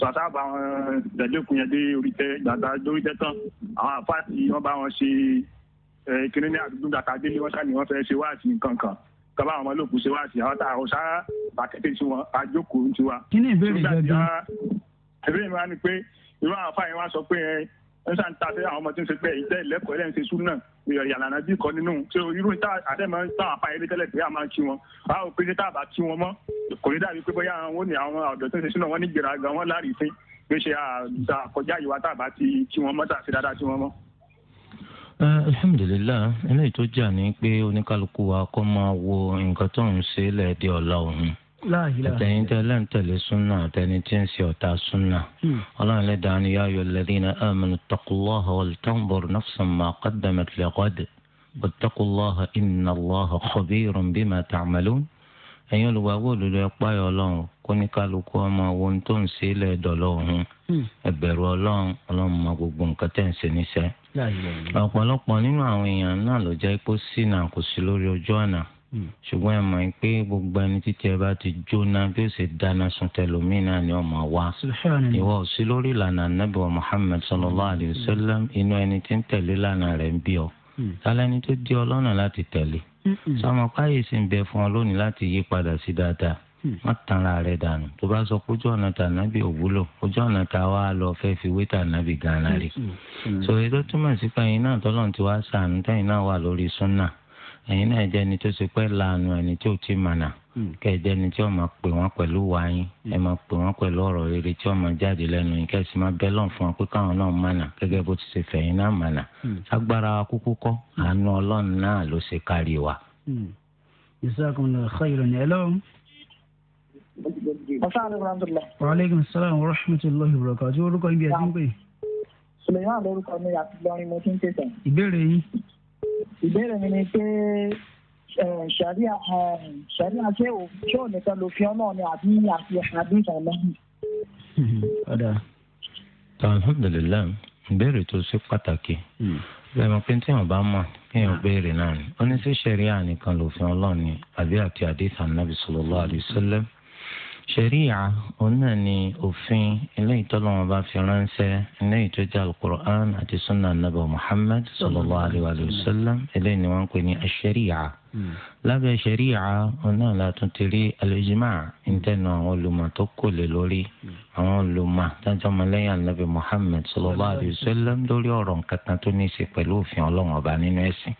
sọ̀tà bá wọn eh, tẹ̀lé okùn yẹn dé orí tẹ gbàtà lórí tẹ tán àwọn àfáàtì wọn bá wọn ṣe eh, kiri ní àdúgbò gbàtà délé wọn ṣàní wọn fẹ́ ṣe wáàsí nǹkan kan kọ́ba àwọn ọmọlòkù ṣe wáàsí àwọn tá àwọn sáà àkété sí wọn àjókòó ń tiwa. kí ni ìbéèrè gbẹgbẹ? ìbéèrè mi wá ni pé irú àwọn àfáà wá sọ pé eh, ń sàn ta sí àwọn ọmọ tí ń ṣe pé ìtẹ́ ìlẹ́kọ̀ọ́ ẹlẹ́yìn ṣe sún náà ìyàlànà bí kọ́ nínú so irú ta àdẹ́mọ̀ tá àpá ilé tẹ́lẹ̀ pé a máa ń kí wọn a ò pé ní tá àbá kí wọn mọ́ kò ní dàbí pé bóyá àwọn ní àwọn ọ̀dọ́ tó ń ṣe sínú wọn ní gbèrágà wọn láàrín ìfín bí ṣe àkọjá ìwà tá àbá ti kí wọn mọ́ tá àti dáadáa kí wọn mọ́. alhamdulilayi eléyìí tó jà ní pé oníkálukú wa kọ́ máa wo nǹkan tó ń ṣe lẹ́ẹ̀dẹ́ ọ̀la òun àtẹ̀yìn tẹ lẹ́ǹtẹ̀lẹ́ súnà àtẹ̀yìn tí ń ṣe ọ̀tá súnà hmm. ọlọ́run lè dání yá ayọ̀ lẹ́dínà amanu takuláha wàlítàǹbọ̀r nafsan máa qaddamat liqad wàtàkuláha iná láha kọ̀bírùn bí máa tàmàlùn. ẹ̀yin olùwàwọ̀ olùlọ ẹ̀pá yọ ọlọ́run kó ní kálukú ọmọ owó tó ń ṣe ilẹ̀ dọ̀lọ́ ọ̀hún hmm. ẹ̀bẹ̀rù ọlọ́run ọlọ́run mọ gbogbo nǹkan tẹ̀ ń ọ̀pọ̀lọpọ̀ nínú àwọn èèyàn náà ló jẹ́ pé sínà kò sí lórí ojú ọ̀nà Hmm. ṣùgbọ́n ẹ mọ̀ pé gbogbo ẹni títí ẹ bá ti jóná bí ó ṣe dáná sun tẹlómi náà ni ọmọ wa ìwọ ò sí lórí ìlànà anábì wa Muhammad sallallahu alayhi wa sallam hmm. inú ẹni tí ń tẹ̀lé lánàá rẹ̀ ń bí ọ hmm. tálẹ́ni tó di ọlọ́nà láti tẹ̀lé sọmọ káyè sì ń bẹ fún ọ lónìí láti yí padà sí dáadáa má tanra rẹ̀ dànù tó bá sọ kójú ọ̀nà tànàbì òwúlò ojú ọ̀nà tá a wá lọ fẹ́ fi wé tànàbì gan-an rí. sòye ẹ̀yin náà jẹ́ ẹni tó ṣe pé lànà ẹni tí ò hmm. tí ì mànà kẹjẹ ni tí wọ́n máa pè wọ́n pẹ̀lú wáyín hmm. ẹ máa pè wọ́n pẹ̀lú ọ̀rọ̀ rere tí wọ́n máa jáde lẹ́nu yìí kẹsì máa bẹ lọ́n fún wọn pé káwọn náà mànà gẹ́gẹ́ bó ti ṣe fẹ̀yìn náà mànà hmm. agbára kúkú kọ́ àánú Ọlọ́run náà ló ṣe kárí wa. Jazakumullahu khairan ni ẹ lọ́wọ́. Waaleykum salaam wa rahmatulahi wa barakatuh. Orúkọ ibi ẹ̀ ti ń pè. Sùlẹ̀yìn àlọ́ orúkọ mi àti Lọ́rin mo ti ń tẹ̀sán. Ìbéèrè yìí. ìbéèrè mi ni pé sàríà sàríà ṣé ṣé ò nìkan ló fi ọ́ ni àbí àti àbí ìtàn tó ṣe pàtàkì lẹ́nu hmm. pé tí wọ́n bá mọ̀ kéèyàn ah. béèrè náà ni ó ní sí ṣẹ̀ríà òun náà ni òfin eléyìí tó lọ́wọ́ bá fi ránṣẹ́ eléyìí tó jẹ́ alukur'an àti sunnah nabi muhammad sallallahu alayhi wa sallam eléyìí ni wọ́n ń pè ní ṣẹ̀ríà lábẹ́ ṣẹ̀ríà náà la tún ti rí alẹ́jìmá ntẹ́nu àwọn olùmọ̀ tó kò lè lórí àwọn olùmọ̀ tájọ́ mọ́lẹ́yìn anabi muhammed sallallahu alaihi wasallam lórí ọ̀rọ̀ nǹkan kan tó ní í ṣe pẹ̀lú òfin ọlọ́run ọba nínú ẹ̀sìn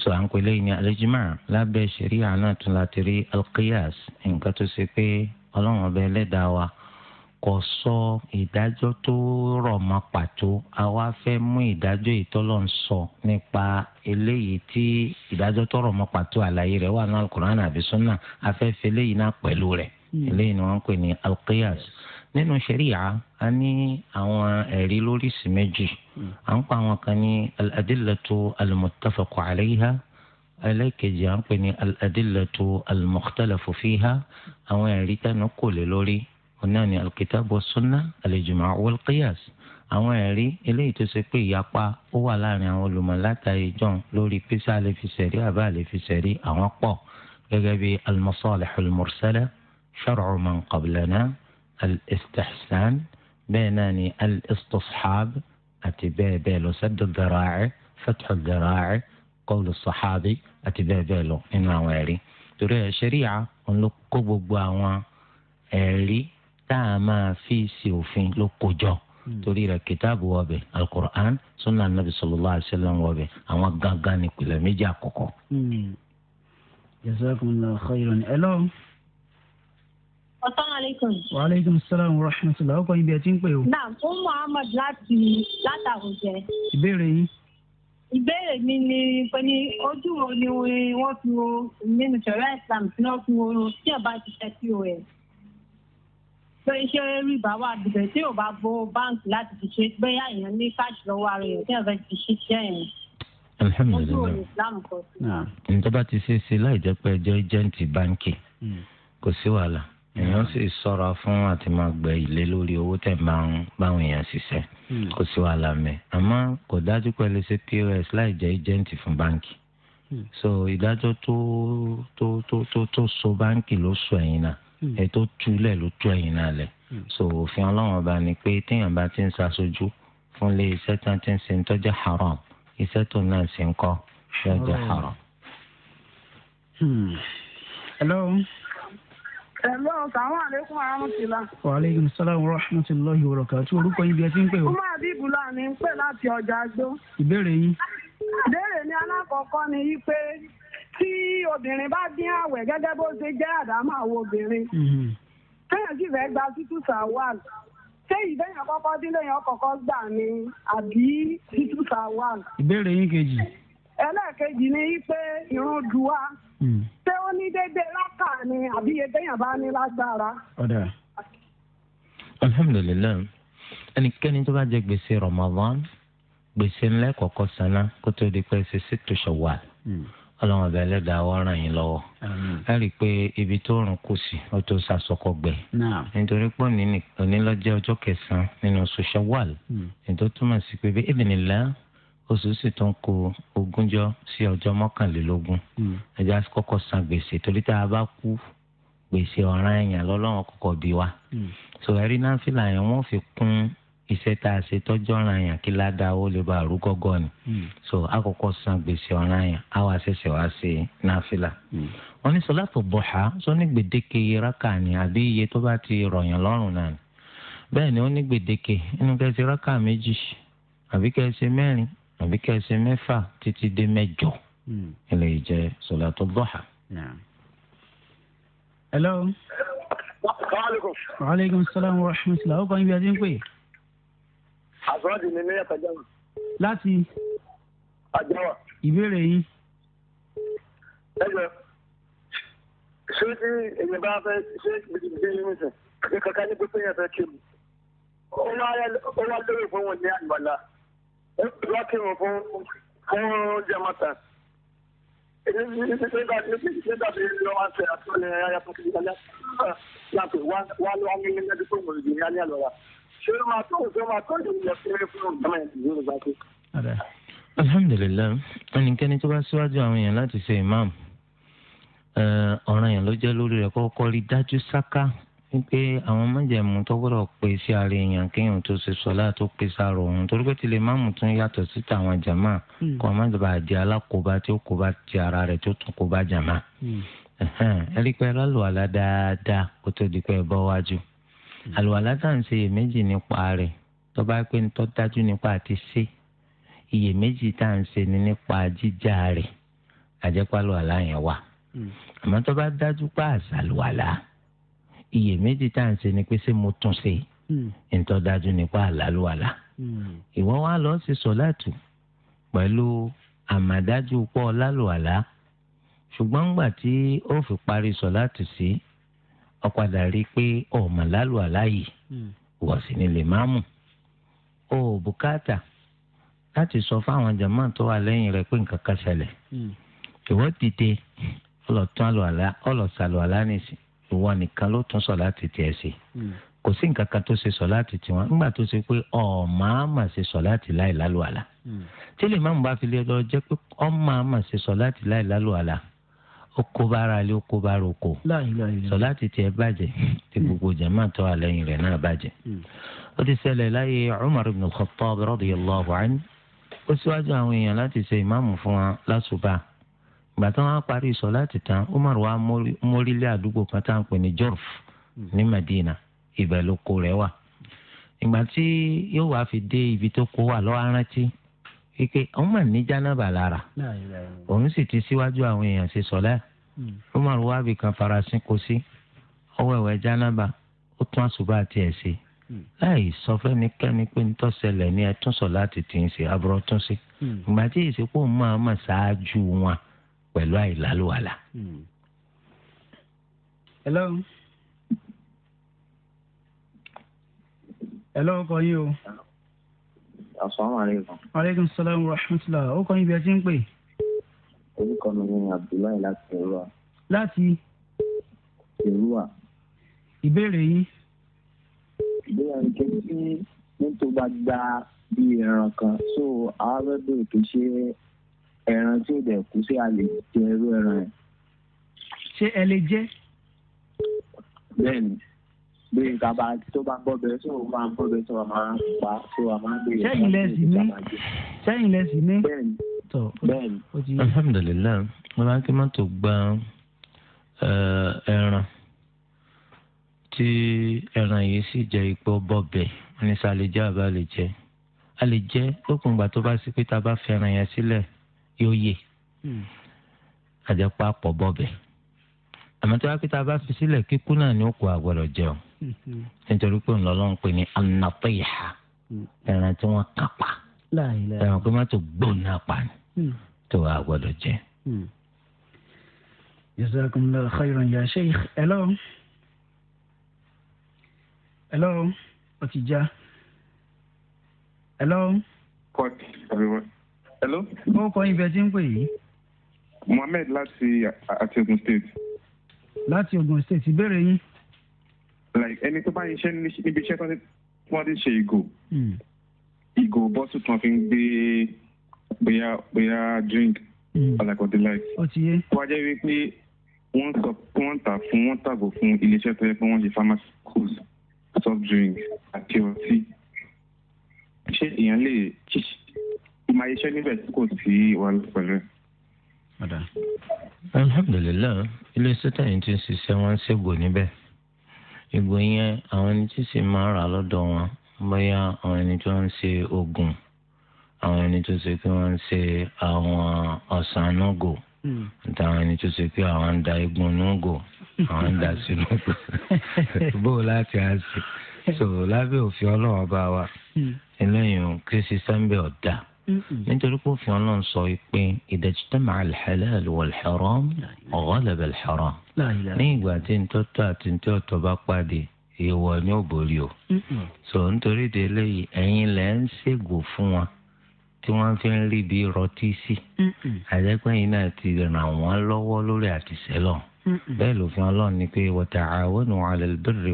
so à ń pè lẹ́yìn ní alẹ́jìmá lábẹ́ ṣẹ̀ríà náà tún la rí alqiyas nǹkan tó ṣe pé ọlọ́run ọba ẹlẹ́dàá wa kò sọ ìdájọ́ tó rọ̀ mọ́ pàtó a wá fẹ́ mú ìdájọ́ ìtọ́lọ̀ ń sọ nípa eléyìí tí ìdájọ́ tó rọ̀ mọ́ pàtó àlàyé rẹ̀ wà ní alukur'an àbí sunna a fẹ́ fẹ́ eléyìí náà pẹ̀lú rẹ̀ hmm. eléyìí ni wọ́n ń pè ní alqiyas nínú sẹ́ríà a ní àwọn ẹ̀rí lóríṣìí méjì hmm. à ń pa àwọn kan ní al-adillatu al-muttafaqu à ń pè ní al-adillatu àwọn ẹ̀rí tẹnu kò lé lórí náà ni alkitab wa sunna alijuma wal qiyas àwọn ẹ̀rí eléyìí tó ṣe pé ìyapa ó wà láàrin àwọn olùmọ̀ látàrí john lórí písà lè fi ṣẹ̀rí àbá lè fi ṣẹ̀rí àwọn pọ̀ gẹ́gẹ́ bí almasalihul mursala shar'u man qablana alistihsan bẹ́ẹ̀ náà ni alistishab àti bẹ́ẹ̀ bẹ́ẹ̀ lọ saddu dhara'i fathu dhara'i qawlu sahabi àti bẹ́ẹ̀ bẹ́ẹ̀ lọ nínú àwọn ẹ̀rí torí ẹ̀ ṣẹ̀ríà òun ló kó gbogbo àwọn ẹ̀rí tá a máa fi ṣe òfin ló kó jọ hmm. torí rẹ̀ kìtàbù ọbẹ alukur'an sunna anabi sallallahu alaihi wasallam ọbẹ àwọn gangan ní ìpìlẹ̀ méjì àkọ́kọ́. Hmm. jazakumullahu khairan hello. Assalamualaikum. Wa alaikum salam wa rahmatullahi. Ọkọ ibi ẹ ti ń pè o. Naam, ó umm Muhammad láti látàkùnjẹ. Ìbéèrè yín. Ìbéèrè mi ni pé ní ojú wo ni wọ́n fi wo nínú ṣẹ̀rẹ́ ìsìlámù tí wọ́n fi wo tí ọba ti ṣe pos pé ṣé rìbá wà dùbẹ̀ tí ò bá gbowó báǹkì láti fi ṣe pé àyàn ní káàṣì lọ́wọ́ ara èèyàn tí ò fẹ́ fi ṣiṣẹ́ yẹn. alhamdulilayi ǹjẹ́ bá ti ṣe é ṣe láì jẹ́ pé ẹjọ́ ẹjẹ́ǹtì báǹkì hmm. kò sí wàhálà hmm. èèyàn sì ṣọ́ra fún àti máa gbẹ ilé lórí owó tẹ̀ báwọn èèyàn ṣiṣẹ́ hmm. kò sí wàhálà mẹ́ àmọ́ kò dájú pé ṣe pos láì jẹ́ ẹjẹ́ǹtì fún báǹkì so ìdájọ́ tó tó tó tó so báǹkì ló sọ ẹ̀yìn náà ẹ hmm. tó túlẹ̀ ló tú ẹ̀yìn náà lẹ̀ hmm. so òfin ọlọ́run ọba ni pé téèyàn bá ti ń ṣaṣojú fún ilé iṣẹ́ tí wọ́n ti ń ṣe ń tọ́jú haram iṣẹ́ tó náà ṣe ń kọ́ yóò jẹ́ haram. Hmm. hello. hello sàmú àlékún arámùtìlá. wa aleykum salaam wa rahmatulahi wa barakatuh orúkọ yín bí ẹ ti ń pè o. kúmọ̀ àbíbùlà ni ń pè láti ọjà àjò. ìbéèrè yín. ìbéèrè ni alákọ̀ọ́kọ́ ni yí pé tí obìnrin bá dín àwẹ̀ gẹ́gẹ́ bó ṣe jẹ́ àdámọ́ àwọn obìnrin mm-hmm. téèyàn sì fẹ́ gba títú sawal ṣé ìbéèyàn kọ́kọ́ dílé yẹn kọ́kọ́ gbà ni àbí títú sawal. ìbéèrè yín kejì. ẹlẹ́ẹ̀kejì ni pé irun duwa mm. ṣé ó ní déédéé lákà ni àbí iye téèyàn bá ní lágbára. ọ̀dà alhamdulilayi ẹnikẹ́ni tó bá jẹ gbèsè Ramadan gbèsè ńlẹ́ kọ̀ọ̀kan sanná kó tó di pé ṣe ṣètò Ṣawwal. Mm ọlọ́run ọba ẹlẹ́dàá wa ràn yín lọ́wọ́ ẹ rí i pé ibi tó rùn kù sí ó tó sàsọkọ gbẹ nítorí pé onílọ́jẹ́ ọjọ́ kẹsàn-án nínú oṣù Ṣawwal hmm. ètò túmọ̀ sí pé ebi nìlá oṣù sì tó ń kó ogúnjọ́ sí ọjọ́ mọ́kànlélógún hmm. ẹja kọ́kọ́ san gbèsè torí tá a bá kú gbèsè ọ̀ràn ẹ̀yàn lọ́lọ́run kọ́kọ́ bí wa hmm. so ẹ̀rí náà fìlà yẹn wọ́n fi kún iṣẹ́ tá a ṣe tọ́jú ọ̀ràn yẹn kí ládàá ó lè bá àrú gọ́gọ́ ni hmm. so àkọ́kọ́ san gbèsè ọ̀ràn yẹn á wá ṣẹ̀ṣẹ̀ wá ṣe náfìlà. Hmm. wọ́n ní sọlá tó bọ̀ ha sọ ní gbèdéke rákà ni àbí iye tó bá ti rọ̀yàn lọ́rùn náà ni bẹ́ẹ̀ ni ó ní gbèdéke inú kẹsì rákà méjì àbí kẹsì mẹ́rin àbí kẹsì mẹ́fà títí dé mẹ́jọ hmm. ilé ìjẹ sọlá tó bọ̀ ha. hello. wa àsọ́ọ̀dì ni nílẹ̀ kàjáwà. láti. àjáwà. ìbéèrè yín. ẹ jọ ṣé tí èyí bá fẹ́ ṣe gbèdégbèdé yín nìsín kí kankan ní pípé yẹn fẹ́ kí mu ó wá lórí fún wọn ní àgbàlá ó wá kí wọn fún fún jẹmọta nígbà tí wọ́n máa ń ṣe àtúnlẹ̀ ayatollah ìgbàlá alhamdulilayi ẹnikẹ́ni tó bá síwájú àwọn èèyàn láti ṣe imam ọ̀ràn yẹn ló jẹ́ lórí rẹ̀ kọ́kọ́ rí dájú sáká wípé àwọn májẹ̀mú tó gbọ́dọ̀ pé sí ara èèyàn kéèyàn tó ṣe sọ́lá tó pé sára òun torí pé tilẹ̀ máàmù tún yàtọ̀ sí tàwọn jàmá hmm. kó má dàbà jẹ́ alákòóbá tí ó kóbá ti ara rẹ̀ tó tún kóbá jàmá. Hmm. ẹ̀rí pé alùwàlá dáadáa kó tó di pé ẹ bọ́ wájú alùwàlá hmm. tá à ń ṣe iyèméjì nípa rẹ̀ tó bá pé ń tọ́ dájú nípa àti ṣe iyèméjì tá à ń ṣe ni nípa jíjà rẹ̀ àjẹpálùwàlá yẹn wà àmọ́ tó bá dájú pé àṣàlùwàlá iyèméjì tá à ń ṣe ni pé ṣé mo tún ṣe hmm. ntọ́ dájú nípa àlálùwàlà hmm. ìwọ wa lọ sí sọ́láàtù pẹ̀lú àmàdájú pọ̀ lálùwàlà ṣùgbọ́n ńgbà tí ó fi parí sọ́láàtù sí ó rí i pé ọ̀mà lálùwàlà yìí hmm. wọ̀ sí ni lè má mú o bùkátà láti sọ fáwọn jàmá tó wà lẹ́yìn rẹ̀ pé nǹkan kan ṣẹlẹ̀ ìwọ dìde ọlọ́tún àlùwàlà ọlọ́sàlùwàlà nìsín ìwọ nìkan ló tún sọ̀láàtì tiẹ̀ ṣe hmm. kò sí nǹkan kan tó ṣe sọ̀láàtì tiwọn nígbà tó ṣe pé ọ̀ọ́màámà ṣe sọ̀láàtì láì lálùwàlà hmm. tí lè má mú bá fi lè lọ jẹ́ pé ọ̀ọ́màámà ṣe sọ̀láàtì láì lálùwàlà oko bára lé oko bára oko sọ̀láàtì tiẹ̀ bàjẹ́ tí hmm. gbogbo jàmá tó wà lẹ́yìn rẹ̀ náà bàjẹ́ ó ti ṣẹlẹ̀ láyé Umar ibn Khattab radiyallahu anhu ó síwájú àwọn èèyàn láti ṣe ìmáàmù fún wa lásùbà ìgbà tí wọ́n á parí sọ láti tán Umar wa mórílẹ̀ àdúgbò kan tá à ń pè ní Jorf ní Madina ibẹ̀ ló kó rẹ̀ wà ìgbà tí yóò wá fi dé ibi tó kó wà lọ́wọ́ arántí ike òun mà ní jánábà lára òun sì ti síwájú àwọn èèyàn ṣe sọ̀lẹ́ hmm. Umar wa bìkan farasin kó sí ọwọ́ ẹ̀wẹ̀ jánábà ó tún àṣùbà tiẹ̀ ṣe hmm. láì sọ fẹ́nikẹ́ni pé nítòsẹ̀lẹ̀ ni ẹ tún sọ láti tì í ṣe aburú tún ṣe hmm. ìgbà tí ìsìnkú máa mà ṣáájú wọn pẹ̀lú àìláluwàlà. Hmm. hello hello ọkọ yìí o. asalaamualeykum. aleykum salaam wa rahmatulah ó kọ́ yín bí ẹ ti ń pè. orúkọ mi ni abdullahi láti èrúwà. láti. èrúwà. ìbéèrè yín. ìbéèrè yín kí n sí nítorí bá gba bíi ẹran kan so àwọn abẹ́bẹ̀rẹ̀ kì í ṣe ẹran tí ò dẹ̀ kú sí a lè jẹ irú ẹran yẹn. ṣé ẹ lè jẹ. bẹ́ẹ̀ni bí nǹkan bá tó bá bọ́ bẹ́ẹ̀ tó máa bọ́ bẹ́ẹ̀ tó máa pa tó máa bẹ́ẹ̀. sẹ́yìn lẹ́sì ní sẹ́yìn lẹ́sì ní. bẹ́ẹ̀ni bẹ́ẹ̀ni. alhamdulilayi mo máa ń kí mọ́tò gba ẹran tí ẹran yìí sì jẹ ipò bọ́bẹ̀ ní sàlẹ̀ jẹ́ àbá lè jẹ́ a lè jẹ́ lókun tó bá sí pé tá a bá fẹ́ràn yẹn sílẹ̀ yóò yè hmm. àjẹpá pọ̀ bọ́bẹ̀ àmọ́ wàá pé a bá fi sílẹ̀ kíkú náà ni ó àgbọ̀dọ̀ jẹun hmm. nítorí pé ńlọrọrùn pé ní anapẹ́yà hmm. ẹran tí wọ́n kà pa ẹran pé má tó gbóná pa ni tó àgbọ̀dọ̀ jẹ. jazakumullahu khairan ya sheikh hello hello ó ti já hello. kọ́ọ̀tù ọ̀rẹ́wọ̀n hello. ó kọ ibẹ̀ tí ń pè yìí. mohammed láti àti Ogun State. láti Ogun State ìbéèrè yín. like ẹni tó bá ń ṣe níbi iṣẹ́ tí wọ́n ti ṣe ìgò hmm. ìgò bọ́sù tí wọ́n fi ń gbé bóyá bóyá drink alakọ̀dé hmm. láìsí. ó ti yé. wọ́n á jẹ́ wípé wọ́n sọ wọ́n tà fún wọ́n tàbọ̀ fún iléeṣẹ́ tó yẹ pé wọ́n ṣe pharmacy schools soft drink àti ọtí. ṣé èèyàn lè ṣíṣe máa ṣiṣẹ́ níbẹ̀ tí kò sí wàhálà pẹ̀lú ẹ̀. alhamdulilayi iléeṣẹ́ tẹ̀yìn ti ń ṣiṣẹ́ wọn ń ṣègbò níbẹ̀ ìgbò yẹn àwọn ẹni tí sì máa rà lọ́dọ̀ wọn bóyá àwọn ẹni tó ń ṣe oògùn àwọn ẹni tó ṣe pé wọ́n ń ṣe àwọn ọ̀sán nógò táwọn ẹni tó ṣe pé àwọn ń da igun nógò àwọn ń da sínú bó láti á sí so lábẹ́ òfin ọlọ́wọ́ bá wa hmm. eléyìí kí sísá ń bẹ̀ ọ̀dà nítorí pé òfin ọlọ́run sọ pé ìdẹ̀jítẹ́mà alḥàlàlù wàlḥàrọ́m ọ̀gọ́lẹ̀bẹ̀ lḥàrọ́m ní ìgbà tí ń tọ́tọ́ àti ń tọ́tọ́ bá pàdé ìwọ ni ó borí o. sọ nítorí de eléyìí ẹ̀yin lẹ́ ń ṣègùn fún wọn tí wọ́n fi ń rí bí rọtí sí àjẹpẹ́yìn náà ti ràn wọ́n lọ́wọ́ lórí àtìsẹ́lọ̀ bẹ́ẹ̀ lòfin ọlọ́run ni pé wa ta'awanu 'alal birri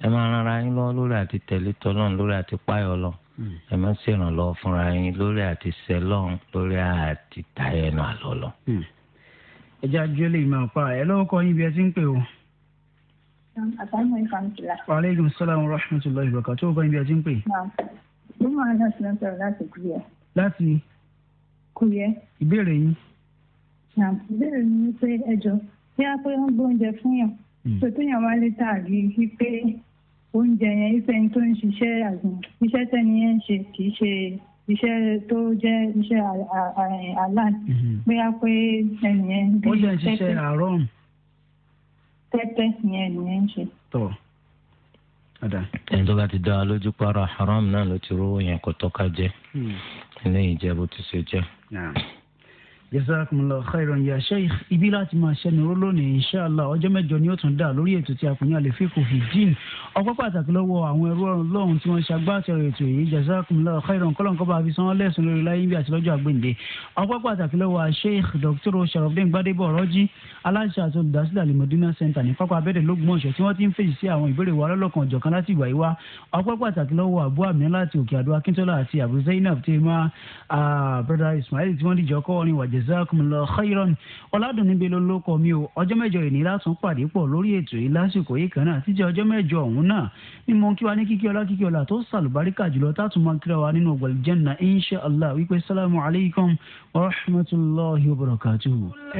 ẹ máa ran ara yín lọ́wọ́ lórí àti tẹ̀lé tọ́lọ́run lórí àti páyọ̀ lọ hmm. ẹ máa ṣèrànlọ́wọ́ fúnra yín lórí àti sẹ́lọ́run lórí àti tayẹnu àlọ́ lọ. Hmm. ẹ jẹ́ àjọ lè máa pa ẹ lọ́wọ́ kọ́ yín bí ẹ ti ń pè o. Um, Aleykum salaam wa rahmatulahi wa barakatuh. Tó o bá ibi ẹ ti ń pè. Mo máa ń láti lọ́sọ̀rọ̀ láti kúrẹ́. Láti. Kúrẹ́. Ìbéèrè yín. Ìbéèrè mi ni pé ẹjọ́ bí a pé wọ́n gbóúnjẹ fún yàn. Tòtò yàn wá tààrí wípé oúnjẹ yẹn ife ẹni tó ń ṣiṣẹ́ àgbọn iṣẹ́ tẹ́ni yẹn ń ṣe kì í ṣe iṣẹ́ tó jẹ́ iṣẹ́ alan mhm. bóyá pé ẹni yẹn ń bí tẹ́tẹ́ tẹ́tẹ́ yẹn ẹni yẹn ń ṣe. ẹni tó bá ti dá a lójú para haram náà ló ti rówó yẹn kó tọ́ka jẹ́ hmm. eléyìí jẹ́ bó ti ṣe jẹ́ jazakumullahu khairan ya sheikh ibi láti máa ṣẹni ró lónìí inshallah ọjọ́ mẹ́jọ ni ó tún dà lórí ètò tí a fún ní àlefíkù fìdín ọpẹ́ pàtàkì lọ́wọ́ àwọn ẹrú Ọlọ́run tí wọ́n ṣe agbátẹrù ètò èyí jazakumullahu khairan kọlọǹkọ bá fi sanwó lẹsùn lórí láyé bí àti lọ́jọ́ àgbèǹde ọpẹ́ pàtàkì lọ́wọ́ sheikh dr sharafdin gbadebo ọrọjì aláṣẹ àti olùdásílẹ̀ alimọdúnà center ní pápá abẹdẹ lọgbọmọṣẹ tí wọ́n ti ń fèsì wa lọlọkan ọjọ́kan láti ìgbà yìí wá ọpẹ́ pàtàkì lọ́wọ́ ah, brother ismail tí wọ́n dìjọ kọ orin jazakumullahu khairan ọ̀làdùnní bẹ́ẹ̀ lórúkọ mi o ọjọ́ mẹ́jọ yìí ni látún pàdé pọ̀ lórí ètò yìí lásìkò yìí kan náà títí ọjọ́ mẹ́jọ ọ̀hún náà ni mo ń kí wa ní kíkí ọlá kíkí ọlá tó sàlùbáríkà jùlọ tátùn máa ń kíra wa nínú ọgbàlì jẹ́nà insha allah wípé sálámù alaykum wa rahmatulahi wa barakatuhu.